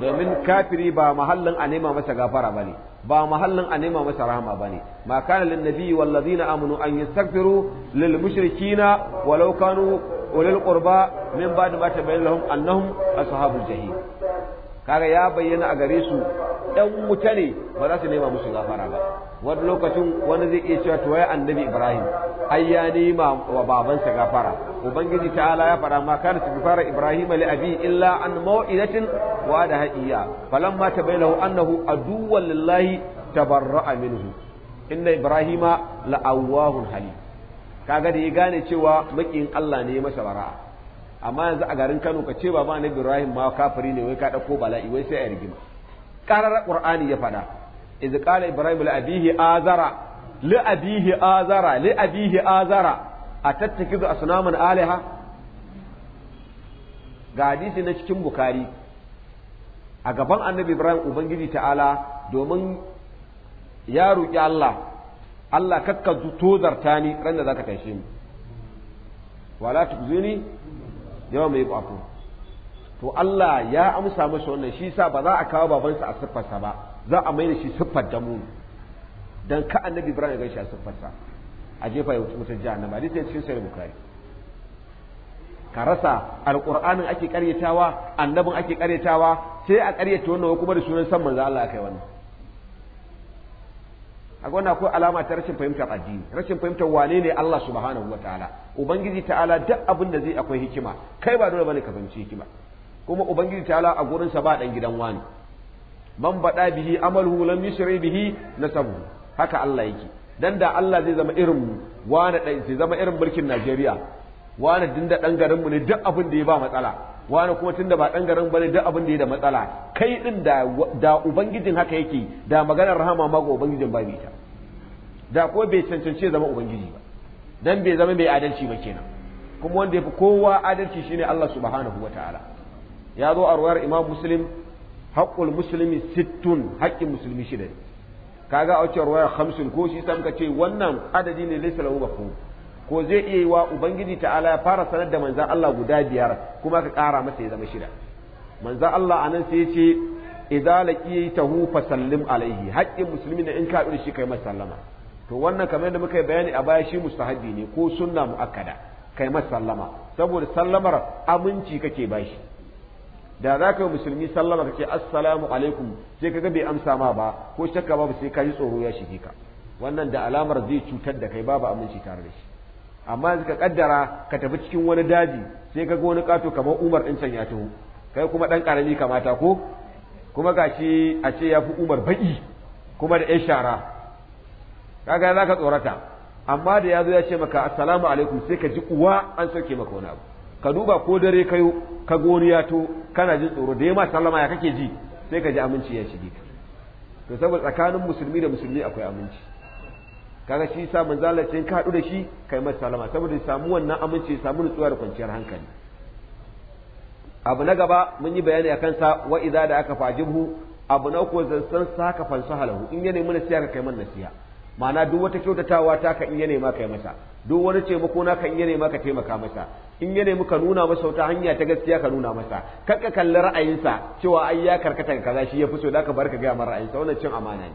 domin kafiri ba mahallin a nema masa gafara ba ne ba mahallin a nema masa rahama bane ma kana lin nabiyyi wal ladina amanu an yastaghfiru lil mushrikina walau kanu ulil qurba min ba'd ma tabayyana lahum annahum ashabul jahim kaga ya bayyana a gare su ɗan wuta ne ba za su nema musu gafara ba wani lokacin wani zai iya cewa to ya annabi ibrahim ai ya nema wa babansa gafara ubangiji ta'ala ya fara ma kana fara ibrahim li abi illa an mau'idatin wa da hadiya falamma tabayyana annahu aduwwan lillahi tabarra'a minhu inna ibrahima la'awwahun halim kaga da ya gane cewa makin Allah ne masa bara'a amma yanzu a garin Kano ka ce baba Annabi Ibrahim ma kafiri ne wai ka dauko bala'i wai sai a rigima qarar Qur'ani ya faɗa iz qala Ibrahim li abihi azara li abihi azara li abihi azara atattakizu asnaman alaha ga hadisi na cikin Bukhari a gaban Annabi Ibrahim ubangiji ta'ala domin ya roki Allah Allah kakka tozarta ni ran da zaka tashe ni wala tukzini yawa mai ƙwafo to Allah ya amsa masa wannan shi sa ba za a kawo babansa a siffarsa ba za a maida shi siffar da mu dan ka annabi Ibrahim ya gaishe a siffarsa a jefa ya wuce jahannama hadisi ne cikin sahih bukari ka rasa alƙur'anin ake ƙaryatawa annabin ake ƙaryatawa sai a ƙaryata wannan kuma da sunan san manzo Allah akai wannan kaga wannan akwai alama ta rashin fahimtar addini rashin fahimtar wane ne Allah subhanahu wataala ubangiji ta'ala duk abin da zai akwai hikima kai ba dole bane ka fahimci hikima kuma ubangiji ta'ala a gurin sa ba dan gidan wani man bada bihi amalu lam yusri bihi nasabu haka Allah yake dan da Allah zai zama irin wani zai zama irin mulkin Najeriya wani dinda dan garin mu ne duk abin da ya ba matsala wani kuma tunda ba dan garin bane duk abin da ya da matsala kai din da da ubangijin haka yake da maganar rahama ma ga ubangijin ba ita da ko bai cancance zama ubangiji ba dan bai zama mai adalci ba kenan kuma wanda yafi kowa adalci shine Allah subhanahu wataala ya zo a ruwayar Imam Muslim haqqul muslimi sittun haqqin musulmi shida kaga a wuce ruwar 50 ko shi sai muka ce wannan adadi ne laysa lahu mafhum ko zai iya yi wa ubangiji ta'ala ya fara sanar da manzan Allah guda biyar kuma ka ƙara masa ya zama shida manzan Allah anan sai ce idza fa sallim alaihi haƙƙin musulmi na in ka da shi kai masa sallama to wannan kamar yadda muka yi bayani a baya shi mustahabi ne ko sunna muakkada kai masa sallama saboda sallamar aminci kake bashi da za ka yi musulmi sallama ka ce assalamu alaikum sai ka ga bai amsa ma ba ko shakka babu sai ka yi tsoro ya shige ka wannan da alamar zai cutar da kai babu aminci tare da shi amma yanzu ka kaddara ka tafi cikin wani daji sai ka ga wani kato kamar Umar din can ya taho kai kuma dan karami kamata ko kuma gashi a ce ya fi Umar baki kuma da yan shara kaga za ka tsorata amma da yazo ya ce maka assalamu alaikum sai ka ji uwa an sauke maka wani abu ka duba ko dare kayo ka gani ya to kana jin tsoro da yamma sallama ya kake ji sai ka ji aminci ya shige to saboda tsakanin musulmi da musulmi akwai aminci kaga shi sa manzo in ka haɗu da shi kai masa salama saboda ya samu wannan aminci ya samu nutsuwa da kwanciyar hankali abu na gaba mun yi bayani akan sa wa idza da aka fajibhu abu na uku zansan saka fansa halahu in ya nemi nasiya ka kai man nasiha ma'ana duk wata kyautatawa ta ka in ya ka kai masa duk wani mako na ka in ya nema ka taimaka masa in ya nemi ka nuna masa wata hanya ta gaskiya ka nuna masa kar ka kalli ra'ayinsa cewa ai ya karkata kaza shi ya fi so da ka bar ka ga mar ra'ayinsa wannan cin amana ne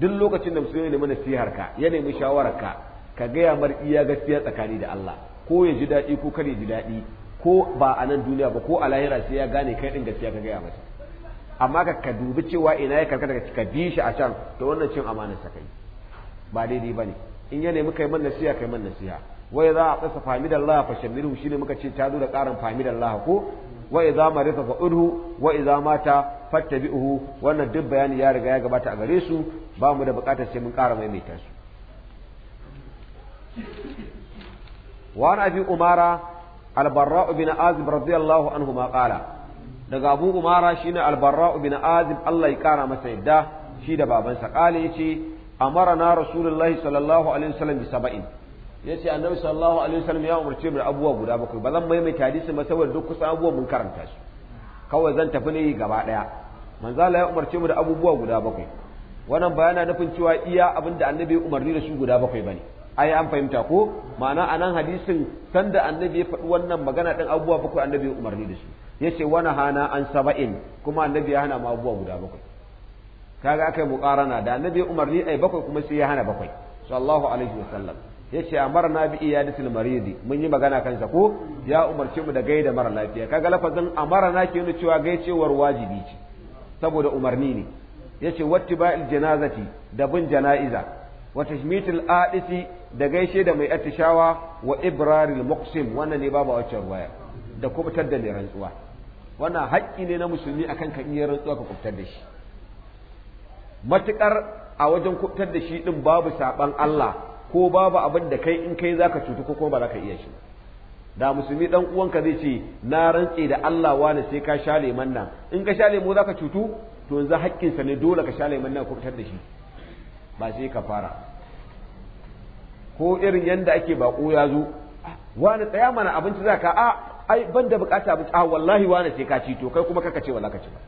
duk lokacin da musulmi ne mana nasihar ka ya nemi shawarar ka ka gaya mar iya gaskiya tsakani da Allah ko ya ji daɗi ko kare di ji daɗi ko ba a nan duniya ba ko a lahira sai ya gane kai din gaskiya ka gaya masa amma ka ka dubi cewa ina ya karkata ka bi shi a can to wannan cin amanar sa kai ba daidai bane in ya nemi kai man nasiha kai man nasiha wa idza da Allah fa shamiru shine muka ce ta zo da da Allah ko wa idza marisa fa udhu wa idza mata fattabi'uhu wannan duk bayani ya riga ya gabata a gare su ba mu da buƙatar sai mun ƙara maimaita su wa an abi umara albarra ibn azib radiyallahu anhu ma qala daga abu umara shine albarra ibn azib Allah ya kara masa yadda shi da babansa qala yace na rasulullahi sallallahu alaihi wasallam bi sab'in yace annabi sallallahu alaihi wasallam ya umarce mu da abubuwa guda bakwai ba zan maimaita hadisi ba saboda duk kusan abubuwa mun karanta su kawai zan tafi ne gaba daya manzo Allah ya umarce mu da abubuwa guda bakwai wannan ba yana nufin cewa iya abin da annabi ya umarni da shi guda bakwai bane ai an fahimta ko ma'ana anan hadisin sanda annabi ya faɗi wannan magana ɗin abubuwa bakwai annabi ya umarni da su yace wani hana an saba'in kuma annabi ya hana ma abubuwa guda bakwai kaga akai muqarana da annabi ya umarni ai bakwai kuma sai ya hana bakwai sallallahu alaihi wasallam yace amarna bi iyadatil maridi mun yi magana kansa ko ya umarci mu da gaida mara lafiya kaga lafazin amarna ke nuna cewa gaicewar wajibi ce saboda umarni ne yace bail janazati da bin jana'iza wa tashmitul adisi da gaishe da mai atishawa wa ibraril muqsim wannan ne babu wacce ruwaya da kubutar da mai rantsuwa wannan haƙƙi ne na musulmi akan kan iya rantsuwa ka kubutar da shi matukar a wajen kubutar da shi din babu saban Allah ko babu abin da kai in kai zaka cutu ko kuma ba zaka iya shi da musulmi dan uwanka zai ce na rantse da Allah wani sai ka sha leman nan in ka sha lemo zaka cutu to yanzu haƙƙinsa ne dole ka sha manna nan da shi ba sai ka fara ko irin yanda ake bako ya zo wani tsaya mana abinci za ka a ai ban da bukata abinci a ah, wallahi wani sai ka ci to kai kuma kaka ce wala ka ci ba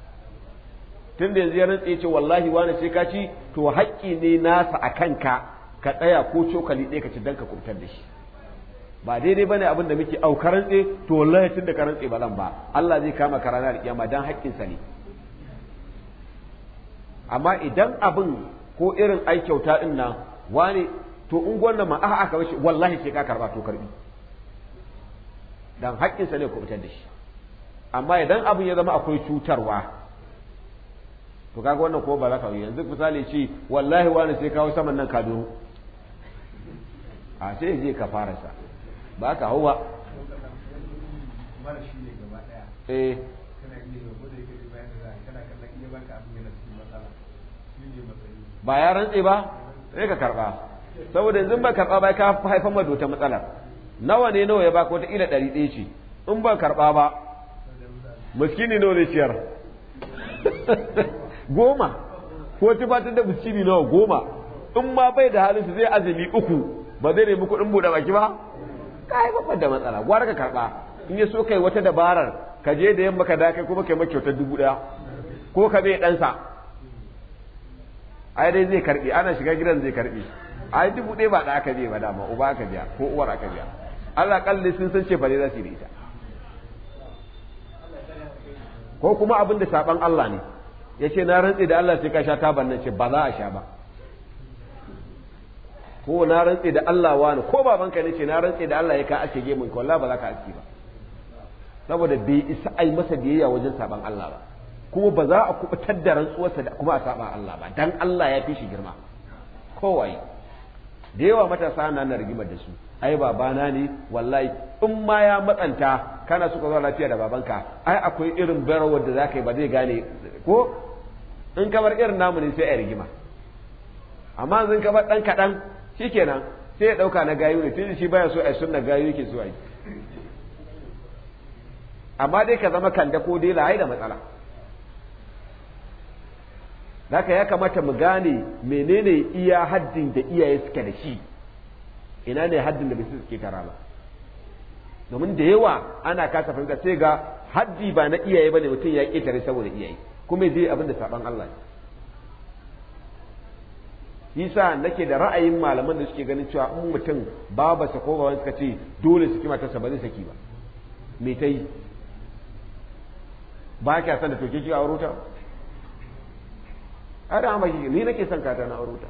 tun da yanzu ya rantse ce wallahi wani sai ka ci to haƙƙi ne nasa a kanka ka tsaya ko cokali ɗaya ka ci dan ka kubutar da shi ba daidai bane abin da muke au karantse to wallahi tun da karantse ba zan ba Allah zai kama karana da kiyama dan haƙƙinsa ne amma idan abin ko irin ai kyauta din nan wani to in gwanna ma a'a aka shi wallahi sai ka karba to karbi dan haƙƙinsa ne fitar da shi amma idan abin ya zama akwai cutarwa to kaga wannan ko ba za ka yi yanzu misali ce wallahi wani sai kawo saman nan kaduru a sai je ka fara sa ba ka hawa eh kana iya kana iya baka abin ba ya rantse ba sai ka karba saboda yanzu ba karba ba ka haifan ma wata matsala nawa ne nawa ya ko ta ila ɗari ɗaya ce in ba karba ba miskini nawa ne ciyar goma ko ta da miskini nawa goma in ma bai da halin su zai azumi uku ba zai nemi kuɗin buɗe baki ba ka haifar da matsala gwara ka karba in ya so kai wata dabarar ka je da yamma ka dakai kuma kai makyautar dubu ɗaya ko ka bai ɗansa ai dai zai karbi ana shiga gidan zai karbi ai dubu ɗaya ba da aka je ba dama uba aka biya ko uwar aka biya Allah kalli sun san ce bare za su yi da ita ko kuma abin da saban Allah ne ya ce na rantse da Allah sai ka sha taban nan ce ba za a sha ba ko na rantse da Allah wani ko babanka ne ce na rantse da Allah ya ka ake gemun ko Allah ba za ka ake ba saboda bai isa ai masa biyayya wajen saban Allah ba kuma ba za a kubutar da rantsuwarsa da kuma a saba Allah ba dan Allah ya fi shi girma kowai da yawa matasa na na rigimar da su ai babana ne wallahi in ma ya matsanta kana suka zo lafiya da babanka ai akwai irin barawar da zaka yi ba zai gane ko in kamar irin namu ne sai a rigima amma zan kamar dan kaɗan shikenan sai ya ɗauka na gayu ne tun shi baya so a sunna gayu yake so a yi amma dai ka zama kanda ko dai la'ai da matsala haka ya kamata mu gane menene iya haddin da iyaye suke da shi ina ne haddin da bisu suke tara ba domin da yawa ana kasa fahimta sai ga haddi ba na iyaye bane mutum ya ƙetare saboda iyaye kuma zai abin da saban Allah ne yasa nake da ra'ayin malaman da suke ganin cewa in mutum sa ko baban suka ce dole su kima matarsa ba zai saki ba me ta yi ba kya san da toke ki a har amma shi ni nake son kata na aure ta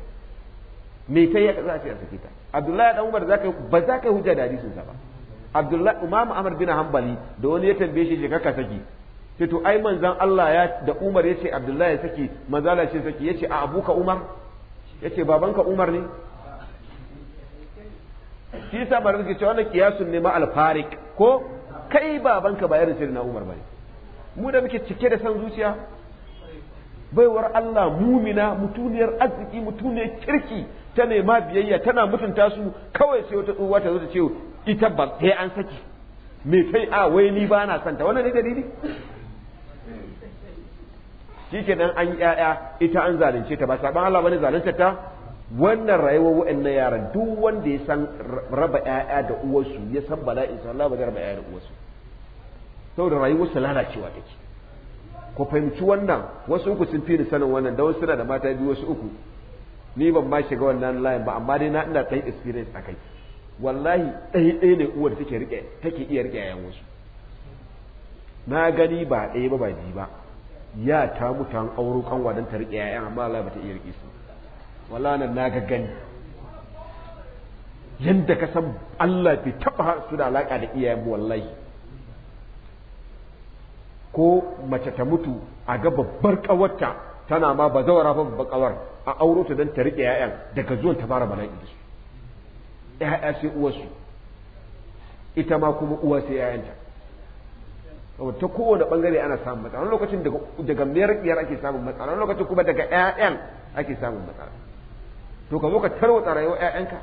me ta yi za a ce a sake ta abdullahi dan umar zaka ba za ka hujja da hadisin sa ba abdullahi imam amr bin hanbali da wani ya tambaye shi je ka saki sai to ai manzon Allah ya da umar yace abdullahi ya saki manzala ce saki yace a abuka umar yace babanka umar ne shi yasa ba rike cewa wannan kiyasun ne ma alfarik ko kai babanka ba irin sirrin Umar bane mu da muke cike da san zuciya baiwar Allah mumina mutuniyar arziki mutuniyar kirki ta nema biyayya tana mutunta su kawai sai wata tsohuwa ta zo ta ce ita ba sai an saki me kai a wai ni ba na santa wannan ne dalili nan an yaya ita an zalunce ta ba saban Allah bane zalunta ta wannan rayuwar wa'annan yara duk wanda ya san raba ƴaƴa da uwarsu ya san bala'in sa Allah ba raba ƴaƴa da uwarsu saboda rayuwar su lalacewa take ku fahimci wannan wasu uku sun fi ni sanin wannan da wasu suna da mata biyu wasu uku ni ban ma shiga wannan layin ba amma dai na ina ɗan experience a kai wallahi ɗaya ɗaya ne uwar take rike take iya rike yayan wasu na gani ba ɗaya ba ba biyu ba ya ta mutu an auro kanwa don ta rike yayan amma Allah ba ta iya rike su wallahi nan na ga gani yanda ka san Allah bai taɓa su da alaka da iyayen wallahi ko mace ta mutu a ga babbar kawarta tana ma ba zawara ba babbar kawar a auro ta don ta rike ƴaƴan daga zuwan ta fara bala'i da su ƴaƴa sai uwarsu ita ma kuma uwa sai ƴaƴanta ta kowane bangare ana samun matsala wani lokacin daga mayar biyar ake samun matsala wani lokacin kuma daga ƴaƴan ake samun matsala to ka zo ka tarwata rayuwar ƴaƴanka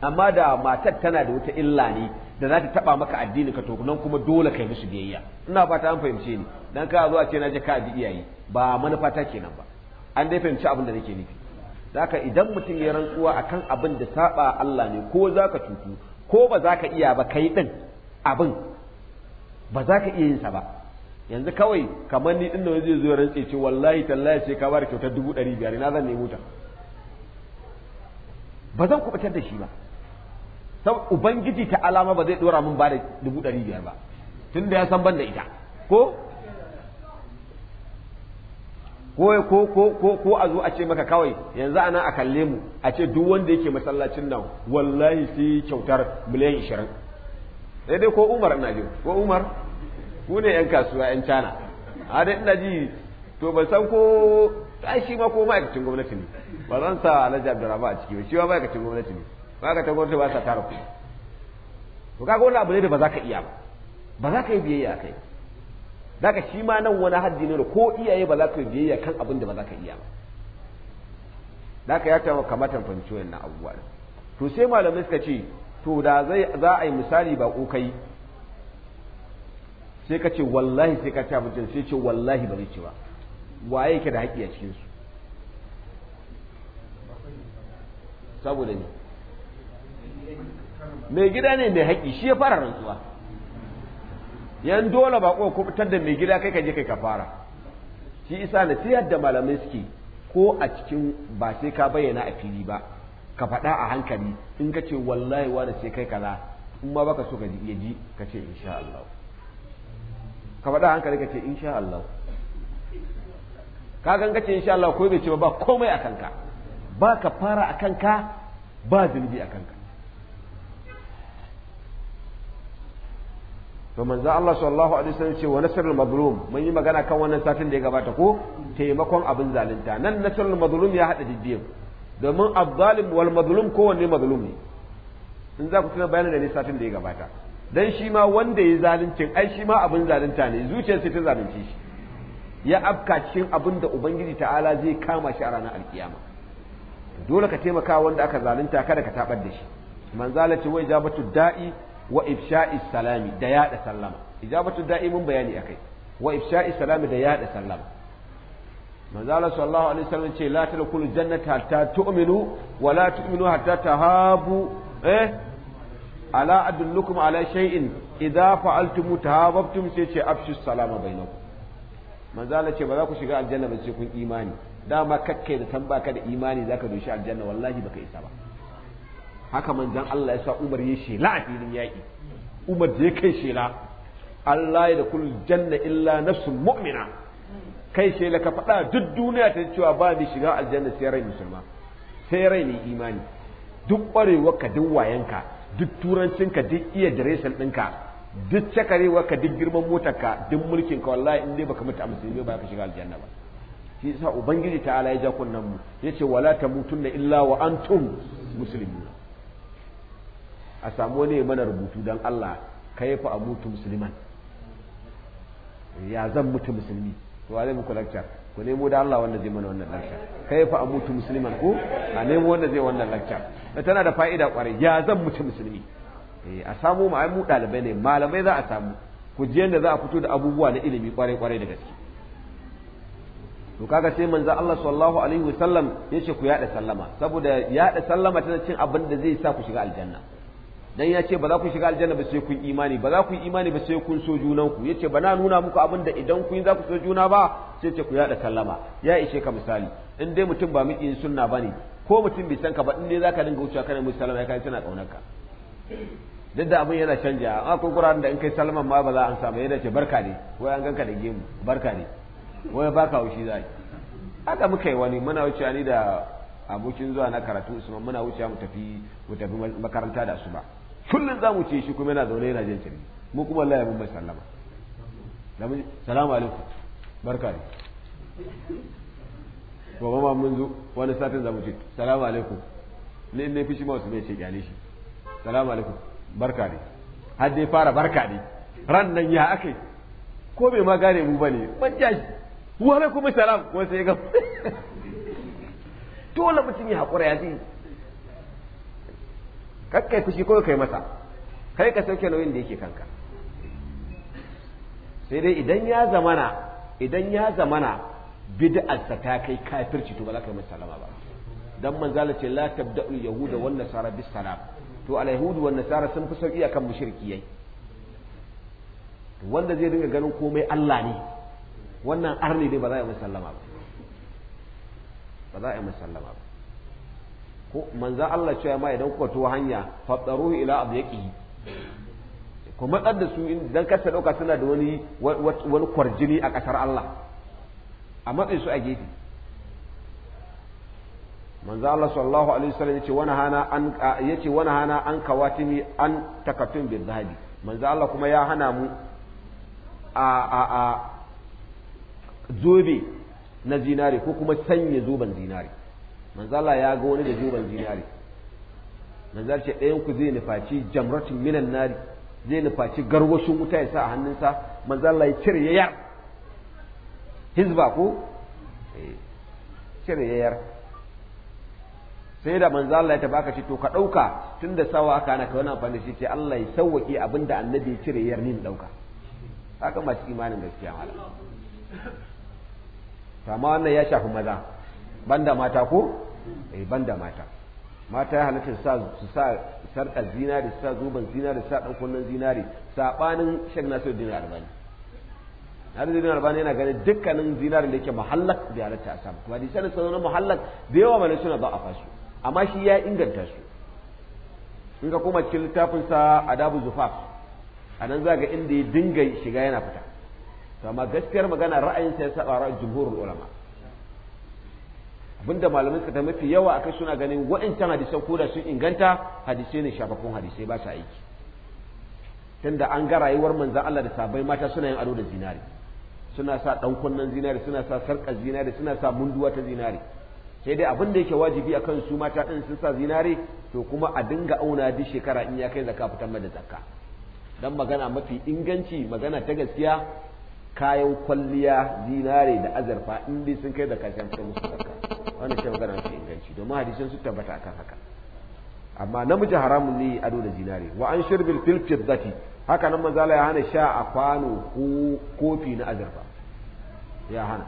amma da matar tana da wata illa ne da za ta taba maka addini ka to nan kuma dole kai musu biyayya ina fata an fahimce ni dan ka zo a ce na je ka bi iyaye ba manufa ta kenan ba an dai fahimci abin da nake nufi zaka idan mutum ya rantsuwa akan abin da saba Allah ne ko zaka tutu ko ba zaka iya ba kai din abin ba za iya yin sa ba yanzu kawai kamar ni din da zai zo rantsi ce wallahi tallahi sai ka bar kyautar dubu ɗari biyar na zan nemo ta ba zan kubutar da shi ba sau ubangiji ta alama ba zai dora min ba da dubu ɗari biyar ba tun da ya san ban da ita ko ko ko ko ko ko a zo a ce maka kawai yanzu ana a kalle mu a ce duk wanda yake masallacin nan wallahi sai kyautar miliyan ishirin sai dai ko umar ina ji ko umar ku ne yan kasuwa yan cana a dai ina ji to ban san ko ai shi ma ko ma'aikacin gwamnati ne ba zan sa alhaji abdurrahman a ciki ba shi ma ma'aikacin gwamnati ne ba ka ta gwamnati ba sa tara kuɗi to kaga wani abu ne da ba za ka iya ba ba za ka yi biyayya kai zaka shi ma nan wani haddi ne da ko iyaye ba za ka yi biyayya kan abin da ba za ka iya ba zaka ya ta kamata fahimci wannan abubuwa to sai malamai suka ce to da zai za a yi misali ba ko kai sai ka ce wallahi sai ka ci abincin sai ce wallahi ba zai ce ba waye ke da haƙƙi a cikin su saboda ne mai gida ne mai haƙi shi ya fara rantsuwa yan dole ba ko kubutar da mai gida kai ka je kai ka fara shi isa nasihar da malamai suke ko a cikin ba sai ka bayyana a fili ba ka faɗa a hankali in ka ce wallahi wani sai kai kaza in ma baka so ka ji ji ka ce insha Allah ka faɗa a hankali ka ce insha Allah ka gan ka ce insha Allah ko bai ce ba komai a kanka ba ka fara a kanka ba zunubi a kanka to manzo Allah sallallahu alaihi wasallam ce wa nasrul mazlum mun yi magana kan wannan satin da ya gabata ko taimakon abin zalunta nan nasrul mazlum ya hada diddiya domin azzalim wal mazlum kowanne mazlum ne in za ku tuna bayanin da ne satin da ya gabata dan shi ma wanda ya zaluncin ai shi ma abin zalunta ne zuciyar sai ta zalunce shi ya afka cikin abin da ubangiji ta'ala zai kama shi a ranar alkiyama dole ka taimaka wanda aka zalunta kada ka tabar da shi manzala ce wai jabatu da'i wa ifsha'is salami da yada sallama ijabatu da'imun bayani akai wa ifsha'is salami da yada sallama manzo Allah sallallahu alaihi wasallam ce la tadkhulu jannata hatta tu'minu wa la tu'minu hatta tahabu eh ala adullukum ala shay'in idza fa'altum tahabbtum sai ce afshu salama bainakum manzo Allah ce ba za ku shiga aljanna ba sai kun imani dama kakkai da tamba da imani zaka doshi aljanna wallahi baka isa ba haka manzan Allah ya sa Umar ya shela a filin yaƙi Umar da ya kai shela Allah ya da kullu janna illa nafsun mu'mina kai shela ka faɗa duk duniya ta cewa ba ni shiga aljanna sai rai musulma sai rai ne imani duk ƙwarewar ka duk wayanka duk turancin duk iya diresan ɗinka duk cakarewar ka duk girman motarka ka duk mulkin ka wallahi in dai baka mutu a musulmi ba ka shiga aljanna ba shi yasa ubangiji ta'ala ya ja kunnan mu yace wala tamutunna illa wa Musulmi. muslimun a samu wani mana rubutu don Allah ka yi fa'a mutu musulman ya zan mutu musulmi to wa zai muku lakcar ku nemo da Allah wanda zai mana wannan lakcar fa'a mutu musulman ko a nemo wanda zai wannan lakcar tana da fa'ida kwarai ya zan mutu musulmi eh, a samu ma ai mu dalibai ne malamai za a samu ku ji yadda za a fito da abubuwa na ilimi kwarai kwarai da gaske to kaga sai manzo Allah sallallahu alaihi wasallam yace ku yada sallama saboda yada sallama tana cin abin da zai sa ku shiga aljanna dan ya ce ba za ku shiga aljanna ba sai kun imani ba za ku yi imani ba sai kun so junan ku yace ba na nuna muku abin da idan kun za ku so juna ba sai ce ku yada kallama ya ishe ka misali in dai mutum ba miki sunna ne ko mutum bai san ka ba in dai zaka dinga wucewa kana musu sallama kai tana kaunar ka duk da abin yana canja a ko da in kai salman ma ba za an samu yana ce barka ne wai an ganka da gemu barka ne wai baka haushi zai haka muka yi wani muna wucewa ni da abokin zuwa na karatu usman muna wucewa mu tafi mu tafi makaranta da su ba kullum za mu ce shi kuma yana zaune yana jin kirji mu kuma Allah ya mun mai sallama salamu alaikum barka ne gobe ma mun zo wani satin za mu ce salamu alaikum ne ne fishi ma wasu mai ce kyale shi salamu alaikum barka ne har dai fara barka ne ran nan ya akai ko bai ma gane mu bane ban ja shi wa alaikum salam ko sai ga dole mutum ya hakura ya zai kakkai fushi ko kai masa kai ka sauke nauyin da yake kanka sai dai idan ya zamana idan ya zamana bid'arsa ta kai kafirci to ba za ka yi masa salama ba dan manzala ce la tabda'u yahuda wan nasara bis salam to al yahudu wan nasara sun fi sauki akan mushriki yayi wanda zai dinga ganin komai Allah ne wannan arni dai ba za a yi masa sallama ba ba za a yi masa sallama ba ko manzan Allah cewa ma idan kuka to hanya fadaruhu ila abyaqihi ku matsar da su idan kar ta dauka suna da wani wani kwarjini a kasar Allah a matsayin su a gefe manzo Allah sallallahu alaihi wasallam ce wani hana an ce wani hana an ni an takatun bil zahabi manzo Allah kuma ya hana mu a a a zobe na zinare ko kuma sanya zoben zinare manzala ya ga wani da juban zinari manzala ce ɗayan ku zai nufaci jamratin minan nari zai nufaci garwashin wuta ya sa a hannunsa manzala ya cire ya yar hizba ko eh, cire ya yar sai da manzala ya tabaka ce to ka ɗauka tun da sawa kana ka wani amfani shi ce Allah ya abin da annabi ya cire yar nin ɗauka haka masu imanin gaskiya mala to amma wannan ya shafi maza banda mata ko eh da mata mata ya halatta su sa sarƙar zinari su sa zuban zinari su sa ɗan kunnen zinari saɓanin shek nasiruddin albani nasiruddin albani yana ganin dukkanin zinarin da yake muhallak ya halatta a samu kuma hadisan da sanonin muhallak da yawa mana suna ba a fasu amma shi ya inganta su in ka koma cikin littafin sa adabu zufaf a nan za ga inda ya dinga shiga yana fita to amma gaskiyar magana ra'ayin sa ya saba ra'ayin jumhurul ulama abinda malamai suka ta mafi yawa akai suna ganin waɗancan hadisan ko da sun inganta hadisai ne shafafun hadisai ba sa aiki tunda an ga rayuwar manzan Allah da sabai mata suna yin ado da zinari suna sa dan kunnen zinari suna sa sarkar zinari suna sa munduwa ta zinari sai dai abin da yake wajibi akan su mata din sun sa zinari to kuma a dinga auna duk shekara in ya kai zakka fitar da zakka dan magana mafi inganci magana ta gaskiya kayan kwalliya zinare da azurfa in dai sun kai da kashin sai musu zakka wannan ke magana su inganci domin hadisin sun tabbata akan haka amma namiji haramun ne ado da zinare wa an shirbin fil zati. haka nan maza ya hana sha a kwano ko kofi na azurfa ya hana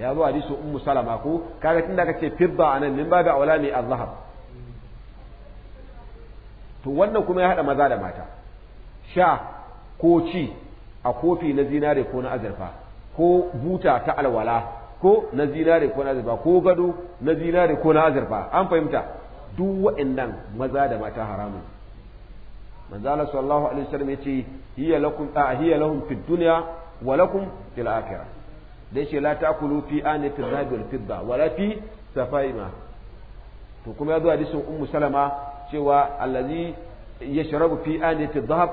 ya zo hadisu in salama ko kaga tunda aka ce fidda anan min babu aula ne a zahar. to wannan kuma ya hada maza da mata sha ko ci a kofi na zinare ko na azurfa ko buta ta alwala ko na zinare ko na azurfa ko gado na zinare ko na azurfa an fahimta duk waɗannan maza da mata haramun manzo Allah sallallahu alaihi wasallam yace hiya lakum a hiya lahum fid dunya wa lakum fil akhirah da yace la taakulu fi anati dhahab wal fidda wa la fi safaima to kuma ya zo hadisin ummu salama cewa allazi yashrabu fi anati dhahab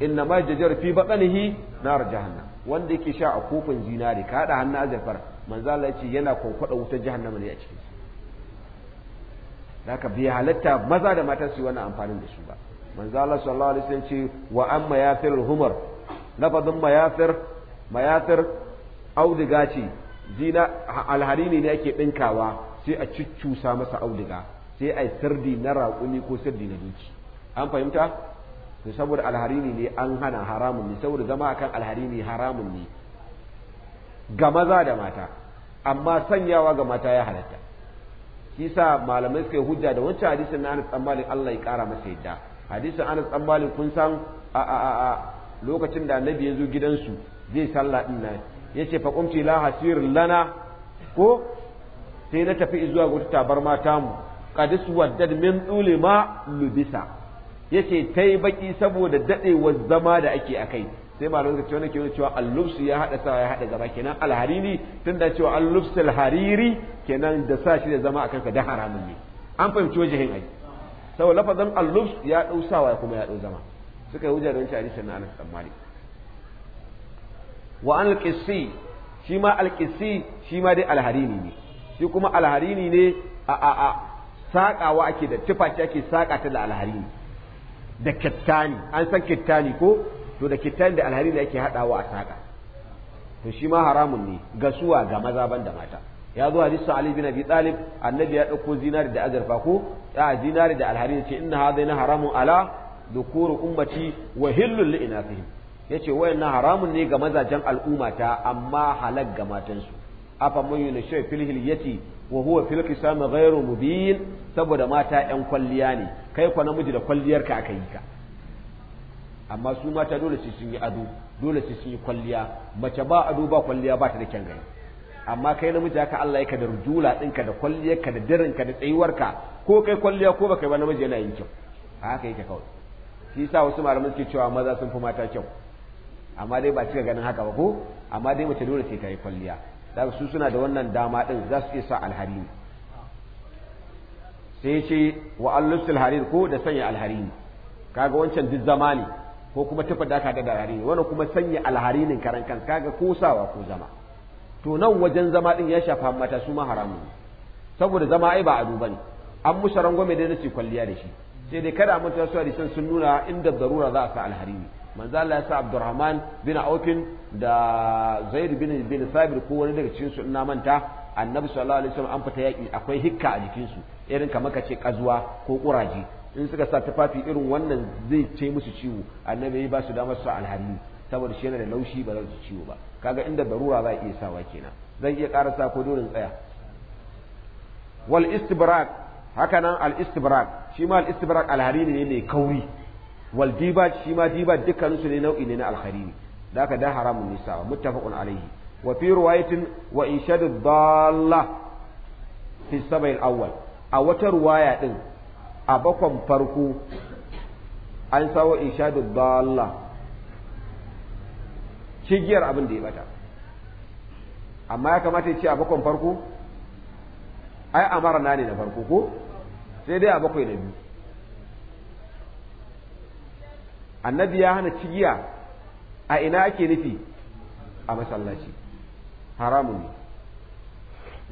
inna ma jajar fi batnihi nar jahannam wanda yake sha a kofin zinari ka hada hannu azafar manzo Allah ya ce yana kwankwada wutar jahannama ne a cikin su haka bai halatta maza da mata su yi wannan amfanin da su ba manzo Allah sallallahu alaihi wasallam ce wa amma yafir humar lafazin mayafir mayafir auduga ce zina alharini ne ake ɗinkawa sai a cuccusa masa auduga sai a sirdi na raƙumi ko sirdi na duki an fahimta to saboda alharimi ne an hana haramun ne saboda zama akan alharimi haramun ne ga maza da mata amma sanyawa ga mata ya halatta sa malamai suka hujja da wancan hadisin na Anas tsammalin Allah ya kara masa yadda hadisin Anas tsammalin kun san a a a, a lokacin da annabi ya zo gidansu zai sallah din nan yace fa qumti la hasir lana ko sai na tafi zuwa ga wata mata mu qad suwaddad min ma lubisa yace tai baki saboda dadewar zama da ake akai sai malamin ka ce wani kenan cewa al-lubs ya hada sa ya hada zama kenan al-hariri tunda cewa al-lubs al-hariri kenan da sa shi da zama akan ka da haramun ne an fahimci wajen ai saboda lafazan al-lubs ya ɗau sawa kuma ya dau zama suka yi hujjar da hadisin na Anas bin wa an al-qissi shi ma al-qissi shi ma dai al-hariri ne shi kuma al-hariri ne a a a saƙawa ake da tufaci ake saƙa ta da al-hariri da kittani an san kittani ko to da kittani da da yake haɗawa a saka to shi ma haramun ne ga suwa ga maza ban da mata ya zo hadisu ali bin abi talib annabi ya ɗauko zinari da azurfa ko ya zinari da alhari yace inna hadaina haramun ala dukuru ummati wa hillul li inafihim yace wayannan haramun ne ga mazajen al'ummata amma halak ga matansu afa man yunashu fil hilyati wa huwa fil qisam ghairu mubin saboda mata yan kwalliya ne kai kwa namiji da kwalliyar ka aka yi ka amma su mata dole sai sun yi ado dole sai sun yi kwalliya mace ba ado ba kwalliya ba ta da kyan amma kai namiji haka Allah ya ka da rujula ɗinka da kwalliyarka da dirinka da tsayuwarka ko kai kwalliya ko baka ba namiji yana yin kyau a haka yake kawai shi yasa wasu malaman suke cewa maza sun fi mata kyau amma dai ba cika ganin haka ba ko amma dai mace dole sai ta yi kwalliya da su suna da wannan dama din za su isa alharini sai ce wa allusul harir ko da sanya alharini kaga wancan duk zama ne ko kuma tufa da ka da wani kuma sanya alharinin karan kan kaga ko sawa ko zama to nan wajen zama din ya shafa mata su ma haramun saboda zama ai ba a ado ne an musa rangwame da ce kwalliya da shi sai dai kada mun sun nuna inda zarura za a sa alharini manzo Allah ya sa Abdurrahman bin Aufin da Zaid bin bin Sabir ko wani daga cikin su ina manta annabi sallallahu alaihi wasallam an fita yaki akwai hikka a jikin su irin kamar ka ce kazuwa ko kuraje in suka sa tufafi irin wannan zai ce musu ciwo annabi ya ba su damar su alhari saboda shi yana da laushi ba za su ciwo ba kaga inda barura za a iya sawa kenan zan iya ƙara sa ko dole tsaya wal istibrak haka nan al istibrak shi ma al istibrak alhari ne mai kauri wal diba shi ma diba dukkanin su ne nau'i ne na alkhariri da haka da haramun nisa muttafaqun alaihi wa fi riwayatin wa inshadu dalla fi sabai awwal a wata ruwaya din a bakon farko an sa sawo inshadu dalla cigiyar abin da ya bata amma ya kamata ya ce a bakon farko ai amara na ne na farko ko sai dai a bakwai na biyu annabi ya hana cigiya a ina ake nufi a masallaci haramun ne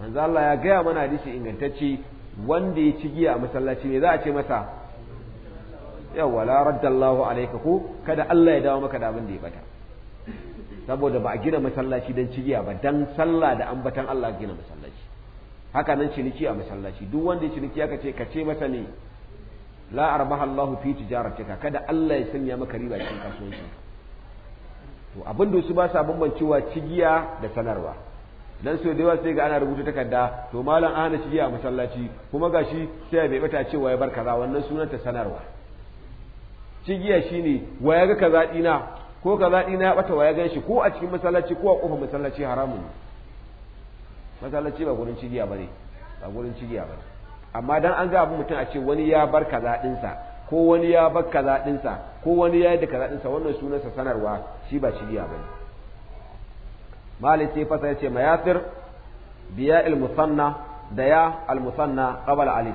manzo Allah ya gaya mana hadisi ingantacce wanda ya cigiya a masallaci ne za a ce masa yawa la raddallahu alayka ko kada Allah ya dawo maka da abin da ya bata saboda ba a gina masallaci dan cigiya ba dan sallah da ambatan Allah gina masallaci haka nan ciniki a masallaci duk wanda ya ciniki aka ce ka ce masa ne la arbaha Allah fi tijaratika kada Allah ya sanya maka riba cikin kasuwanci. to abin da su ba sa bambancewa cigiya da sanarwa dan so da yawa sai ga ana rubuta takarda to malam ana cigiya a masallaci kuma gashi sai ya bebata cewa ya bar kaza wannan sunan ta sanarwa cigiya shine wa ya ga kaza dina ko kaza dina ya bata wa ya ganshi ko a cikin masallaci ko a kofar masallaci haramun masallaci ba gurin cigiya bane ba gurin cigiya bane amma dan an ga abu mutum a ce wani ya bar kaza dinsa ko wani ya bar kaza dinsa ko wani ya yi da kaza dinsa wannan sunansa sanarwa shi ba shi biya bane malik sai fasa yace mayasir biya al musanna da ya al musanna alif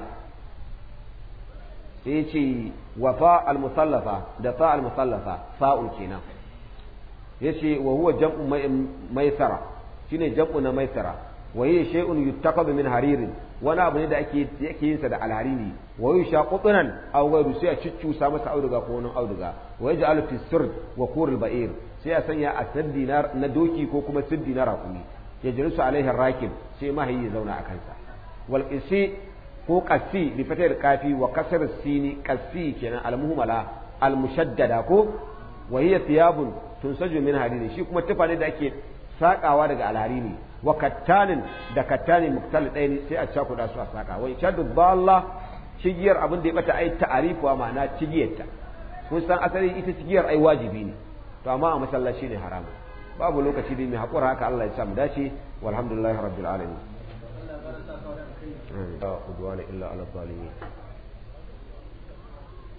sai ce wa fa al musallafa da fa al musallafa fa'un kenan yace wa huwa jam'u maisara shine jam'u na maisara wa hiya shay'un yuttaqabu min haririn wani abu ne da ake yake yin sa da alhariri wa yusha qutran aw ghayru sai a sa masa auduga ko wani auduga wa yaj'alu fi wa qur ba'ir sai a sanya a sirdi na doki ko kuma sirdi na rakumi ya jirisu alaihi rakib sai mahayi ya zauna a kansa wal qisi ko qassi bi fatar kafi wa kasar sini qassi kenan al muhmala al mushaddada ko wa hiya thiyabun tunsaju min hadid shi kuma tufa ne da ake sakawa daga alhariri wa kattanin da kattanin muktali ɗaya ne sai a da su a saka wai shaddu dalla cigiyar abin da ya bata ai ta'arifuwa ma'ana cigiyarta kun san asali ita cigiyar ai wajibi ne to amma a masallaci ne haramun babu lokaci da mai haƙura haka Allah ya mu dace walhamdulillahi rabbil alamin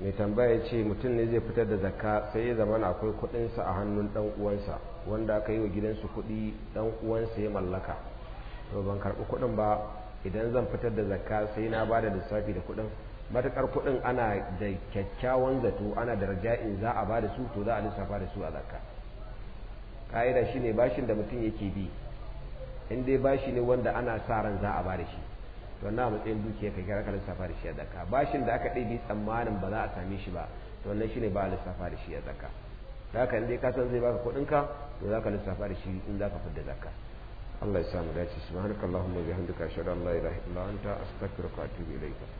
mai tambaya ce mutum ne zai fitar da zakka sai ya zama akwai kuɗinsa a hannun ɗan uwansa wanda aka yi wa gidansu kuɗi dan uwansa ya mallaka to ban karɓi kuɗin ba idan zan fitar da zakka sai na ba da lissafi da kuɗin matuƙar kuɗin ana da kyakkyawan zato ana da raja'in za a ba da su to za a lissafa da su a zakka ƙa'ida shine bashin da mutum yake bi in dai bashi ne wanda ana sa ran za a ba da shi to wannan a matsayin dukiya ka kira ka lissafa da shi a zaka bashin da aka ɗaibi tsammanin ba za a same shi ba to wannan ne ba a lissafa da shi a zaka da haka in dai ka san zai baka kuɗin ka to za ka lissafa da shi in za ka fidda zaka. Allah ya samu dace subhanakallahumma wa bihamdika ashhadu an la ilaha illa anta astaghfiruka wa atubu ilayka